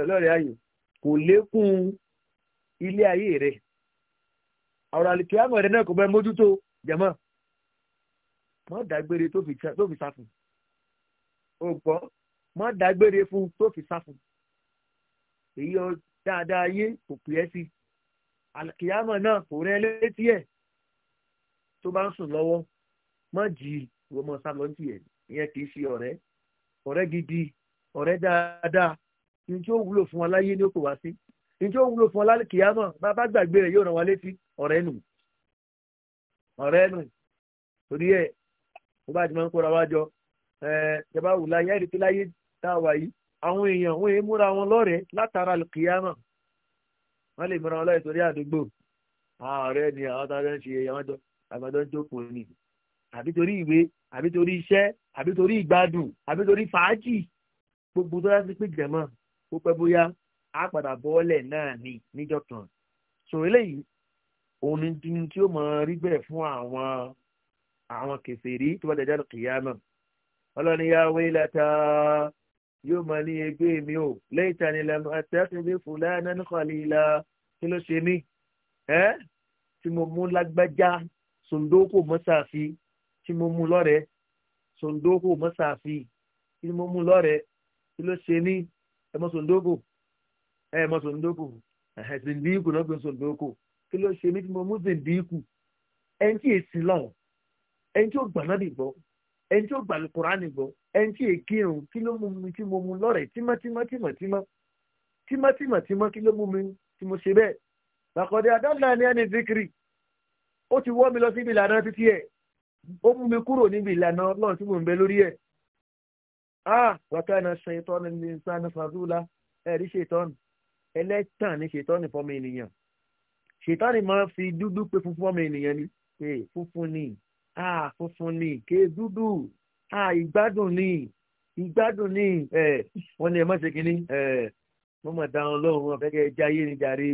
lọ́rẹ̀ ayò kò lékún ilé ayé rẹ̀ ọ̀rọ̀ àlùkí àmọ̀ rẹ̀ náà kò bẹ́ẹ̀ mójútó jẹ̀mọ́ mọ́ dágbére tó fi sáfún o gbọ́ mọ́ dágbére fún tó fi sáfún èyí ọ dáadáa yé kò pè é sí àlùkí àmọ̀ náà kò rẹ́ létí ẹ̀ tó bá ń sùn lọ́wọ́ má jì í wọ́n mọ sá lọ́ntì ẹ̀ ìyẹn kì í ṣe ọ̀rẹ́ ọ̀rẹ́ gidi ọ̀rẹ́ dáadáa ní tí ó wúlò fún wa láyé ní òkè wá sí ní tí ó wúlò fún wa láyé kìyàmọ̀ bàbá gbàgbé rẹ̀ yóò ràn wá létí ọ̀rẹ́ nù ọ̀rẹ́ nù torí ẹ̀ mo bá ti máa ń kóra wá jọ ẹ̀ jọba wù láyé ẹ̀rí pé láyé tá a wà yìí àwọn èèyàn wọ́n èé múra wọn lọ́rẹ̀ẹ́ látara kìyàmọ̀ wọ́n lè múra wọn lọ́rẹ̀ẹ́ torí àdúgbò ọ̀rẹ́ ni àwọn tá a fẹ́ ṣe àwọn jọ àgbàdo jókòó ni àbí torí ìwé àbí torí iṣẹ́ àbí torí ìgbádùn àbí torí fàájì gbogbo tó láti pé jẹ̀mọ́ ó pẹ́ bóyá á padà bọ́ọ̀lẹ̀ náà ní níjọ́ kan so eléyìí òun ni tí ó mọ̀ rí bẹ́ẹ̀ fún àwọn àwọn kèfèrí tó bá dẹ̀ jáde kìyàmọ̀ ọlọ́ni yá wílẹ̀ tá yóò mọ̀ ní ẹgbẹ́ mi ò lẹ́yìn tani lẹ́nu àtẹ́sìndé fúlẹ́ nánú kọ́lí la kí ló ṣe mí ẹ́ tí mo mú lágbájá sòǹdókò masafi, tí mo mú lọ́rẹ̀ sòǹdókò mọ́sàáfì tí mo mú lọ́rẹ̀ kí ló ṣe ní ẹmọ sòǹdókò ẹmọ sòǹdókò zindíkù náà pé sòǹdókò kí ló ṣe ní tí mo mú zindíkù ẹni tí èsì lọ́wọ́ ẹni tí ó gbà náà dìgbọ́ ẹni tí ó gbà lùkùránì gbọ́ ẹni tí èké irun kí ló mú mi tí mo mú lọ́rẹ̀ tímọ́tímọ́tímọ́tímọ́ tímọ́tímọ́tímọ́ kí ló mú mi tí mo ṣe bẹ́ẹ̀ bàkọ́dé adọ́lá ni ẹni zikiri ó ti wọ́ mi lọ síbi ìlànà títí ẹ̀ ó mú mi kúrò níbi ìlànà ọlọ́run tí mò ń bẹ lórí ẹ̀ ah wákàna ṣètọ́nù ní sanu fàdúrà ẹ̀rí ṣètọ́nù ẹlẹ́tàn ní ṣètọ́nù fọmọ ènìyàn ṣètọ́nù máa fi dúdú pé funfun fọmọ ènìyàn ni pé funfun ni ah funfun ni ké dúdú ah ìgbádùn ni ìgbádùn ni ẹ wọn ni ẹ má ṣe kínní ẹ wọn mọ̀ dáhùn lọ́wọ́ wọn fẹ́ kẹ́ jáyé ni jàre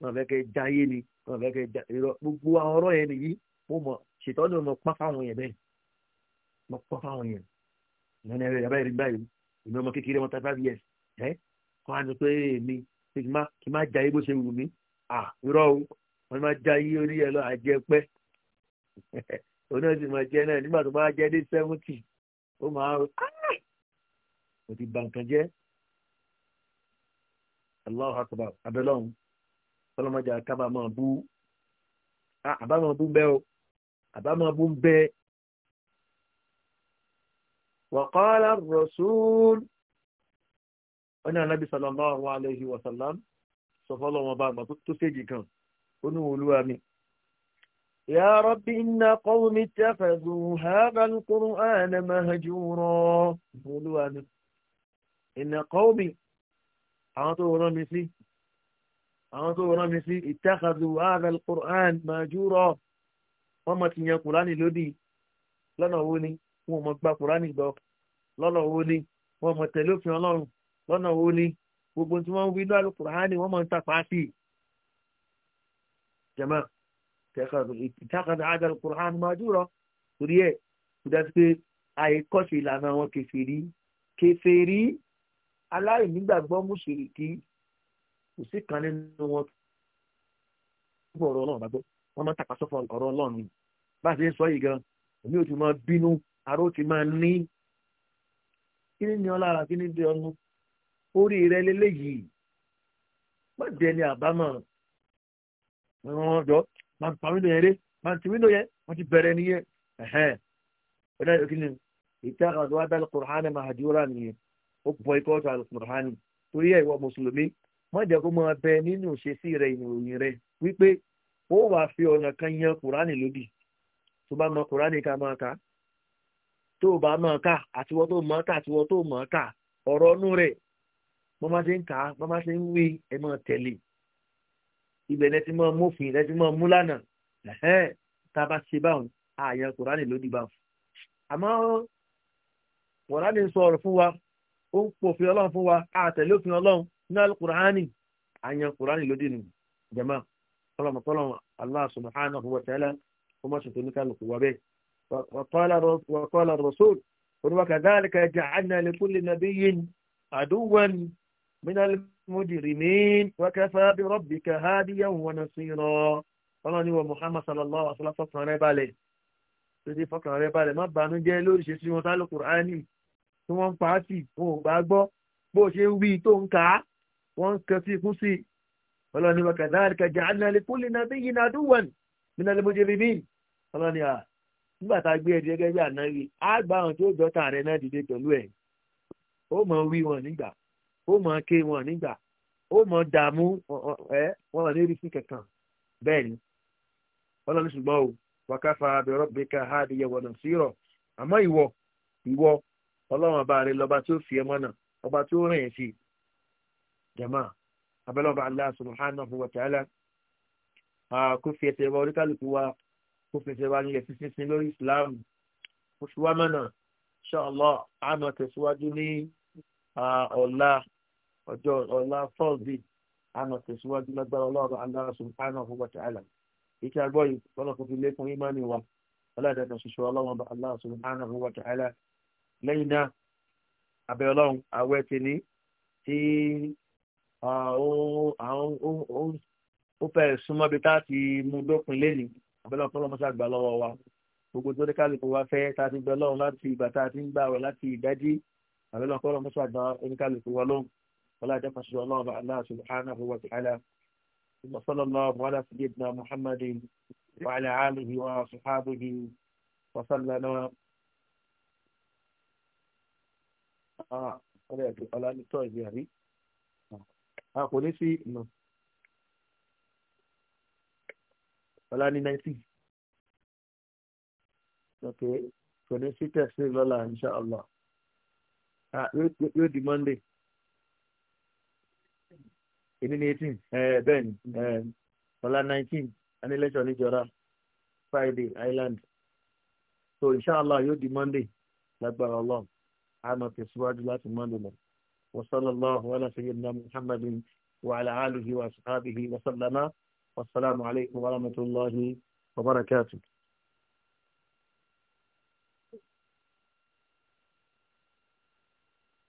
wọn fẹ́ kẹ́ jáyé ni wọn fẹ́ kẹ́ ìrọ gbogbo àwọn ọ̀rọ̀ yẹn nìyí mo mọ̀ ṣètọ́jú mo pọ́n fáwọn yẹn bẹ́ẹ̀ mo pọ́n fáwọn yẹn ìyẹn ẹ̀rọ yàrá ìrìn báyìí èmi ọmọ kékeré wọn thirty five years ẹ kọ́ àánú pé èmi kì í má jayé bó ṣe wù mí à irọ́ o wọn má jayé orí ẹ lọ àjẹpẹ́ oní ọ̀sìn máa jẹ náà nígbà tó bá jẹ́ dé seventy ó máa rò mo ti bà nǹkan jẹ́ Allahu akbar abẹ́lọ́hún ọlọ́mọdé akábàámọ̀ bú àbámọ̀ bú bẹ́ẹ̀ o àbámọ̀ bú bẹ́ẹ̀. wàkọ́lá rọ̀ṣúl ọ̀nà anábì sallallahu alayhi wa sallam sọ fọ́lọ́ wọn bá àgbà tó séjì kan ó olúwa mi. يا رب إن قومي اتخذوا هذا القرآن مهجورا إن قومي àwọn tó àwọn tó rán mi sí ìtàkàdù ààrẹ quran màjúrọ wọn mọ ti yan kùránì lódì lọ́nà wo ni wọn mọ gba kùránì gbọ́ lọ́nà wo ni wọn mọ tẹ̀lé òfin ọlọ́run lọ́nà wo ni gbogbo tí wọ́n ń wí lọ́nà kùránì wọ́n mọ ń tàpá sí i. jama ìtàkàdù ààrẹ quran màjúrọ torí ẹ̀ kò dájú pé àìkọ́ṣe ìlànà wọn kẹfẹ́rí kẹfẹ́rí aláìnígbàgbọ́ kò sí kan nínú wọn tó bọ̀ ọ̀rọ̀ ọlọ́run bá gbọ́ wọ́n máa ń tàpá sọ́fọ̀ ọ̀rọ̀ ọlọ́run ni bá a ṣe ń sọ yìí gan èmi ò ti máa bínú aró ti máa ní kí ni ọ lára kí ni bí ọnu orí rẹ lélẹ́yìí má jẹ́ ni àbámọ̀ wọn ọjọ́ máa ń pa mí lóyún eré máa ń ti mí lóyún wọ́n ti bẹ̀rẹ̀ nìyẹn ọ̀dà ìdókè ni ìtàkàdọ́ adal kùrhánì mahadúrà nìyẹn ó bọ̀ ikọ́ ọ̀tọ̀ àlùkùrhánì torí ẹ̀ ìwọ mùsùlùmí mọ̀jẹ̀ kó máa bẹ nínú ìṣesí rẹ ìròyìn rẹ wípé ó wà fi ọ̀nà kan yan kùránì lódì tó bá mọ kùránì ká máa ka tó bá máa ka àtiwọ́ tó mọ̀ ká àtiwọ́ tó mọ̀ ká ọ̀rọ̀ ọ̀nù rẹ̀ bọ́n máa ṣe ń kà á bọ́n máa ṣe ń wí ẹ máa tẹ̀lé ibẹ̀ lẹ́tí máa mófin lẹ́tí máa mú lánàá tá a bá ṣe báwọn àyàn kùránì lódì báwọn àmọ́ kùránì sọ ọ̀rọ̀ fún wa ó ń pòfin ọlọ́run fún wa àtẹ̀lé òfin ọlọ́run ní alukur'ani àyàn kur'ani lóde nù jama tọlọmọ tọlọmọ allah subhanahu wa ta'ala kó má ṣètò oníkàlùkù wa bẹ́ẹ̀ wàkọ́lá rasul oníwàkà dáàlìkà ja'alna likulli nabiyyin aduwan min al-mujrimin wa kafa bi rabbika hadiyan wa nasira ọlọ́ni wa muhammad sallallahu alaihi wa sallam fọkàn rẹ balẹ̀ títí fọkàn rẹ balẹ̀ má bàánú jẹ́ lóríṣiríṣi wọn sálùkùránì tí wọ́n ń pa á sí wọn ò gbọ́ bó ṣe ń wí tó ń kà wọn ka kẹtí ikú sí i ọlọ́ni wa kadhalika ja'alna likulli nabiyyin aduwwan minal mujrimin ọlọ́ni à nígbà a gbé ẹdí gẹ́gẹ́ bí ànáwí á gba àwọn tó jọta rẹ náà dìde pẹ̀lú ẹ̀ ó mọ̀ wí wọn nígbà ó mọ̀ ké wọn nígbà ó mọ̀ wọn ò ní rí sí kankan bẹ́ẹ̀ ni ọlọ́ni ṣùgbọ́n o wa kafa àmọ́ ìwọ ìwọ ọlọ́run jama abẹ́lọ́ba Allah subhanahu wa ta'ala kó fi ẹsẹ̀ wa oríkàlùkù wa kó fi ẹsẹ̀ wa nílẹ̀ sísinsin lórí Islam kó fi wá mọ̀nà ṣọlọ àmọ̀ tẹ̀síwájú ní ọ̀la ọjọ́ ọ̀la fọ́ọ̀dì àmọ̀ tẹ̀síwájú lágbára ọlọ́ọ̀bà Allah subhanahu wa ta'ala ìkí agbọ́ yìí lọ́nà kó fi lékun ìmánì wa ọlọ́dẹ̀dẹ̀ ṣoṣo ọlọ́wọ́n bá Allah subhanahu wa ta'ala lẹ́yìn náà abẹ́ ọlọ́run àwẹ̀ tẹ̀lé tí ó fẹ́ súnmọ́ bí tá a ti mú dópin lẹ́yìn àbẹ́lẹ́ ọ̀pọ̀lọpọ̀ mọ́sá gbà lọ́wọ́ wa gbogbo tó ní kálukú wa fẹ́ tá a ti gbẹ lọ́run láti ìgbà tá a ti ń gbà wọ̀ láti ìdájí àbẹ́lẹ́ ọ̀pọ̀lọpọ̀ mọ́sá gbà oníkálukú wa lóhùn wọ́n láti dẹ́pọ̀ sílọ ọlọ́run Allah subhanahu wa ta'ala وصلى الله على سيدنا محمد وعلى آله وصحابه وسلم آه. ọlọ́yà tó ọlá ní tọ́ọ̀dì àrí a kò ní sí nà ọ̀la ní nineteen ok kò ní sí tẹ̀sí lọ́la inṣàlá yóò di monday èmi ní eighteen bẹ́ẹ̀ ni ọ̀la nineteen anilẹ́sọ̀ níjọra friday island so inṣàlá yóò di monday lágbára ọlọ́run a nọ tẹ̀síwájú láti monday náà. وصلى الله على سيدنا محمد وعلى آله وأصحابه وسلم والسلام عليكم ورحمة الله وبركاته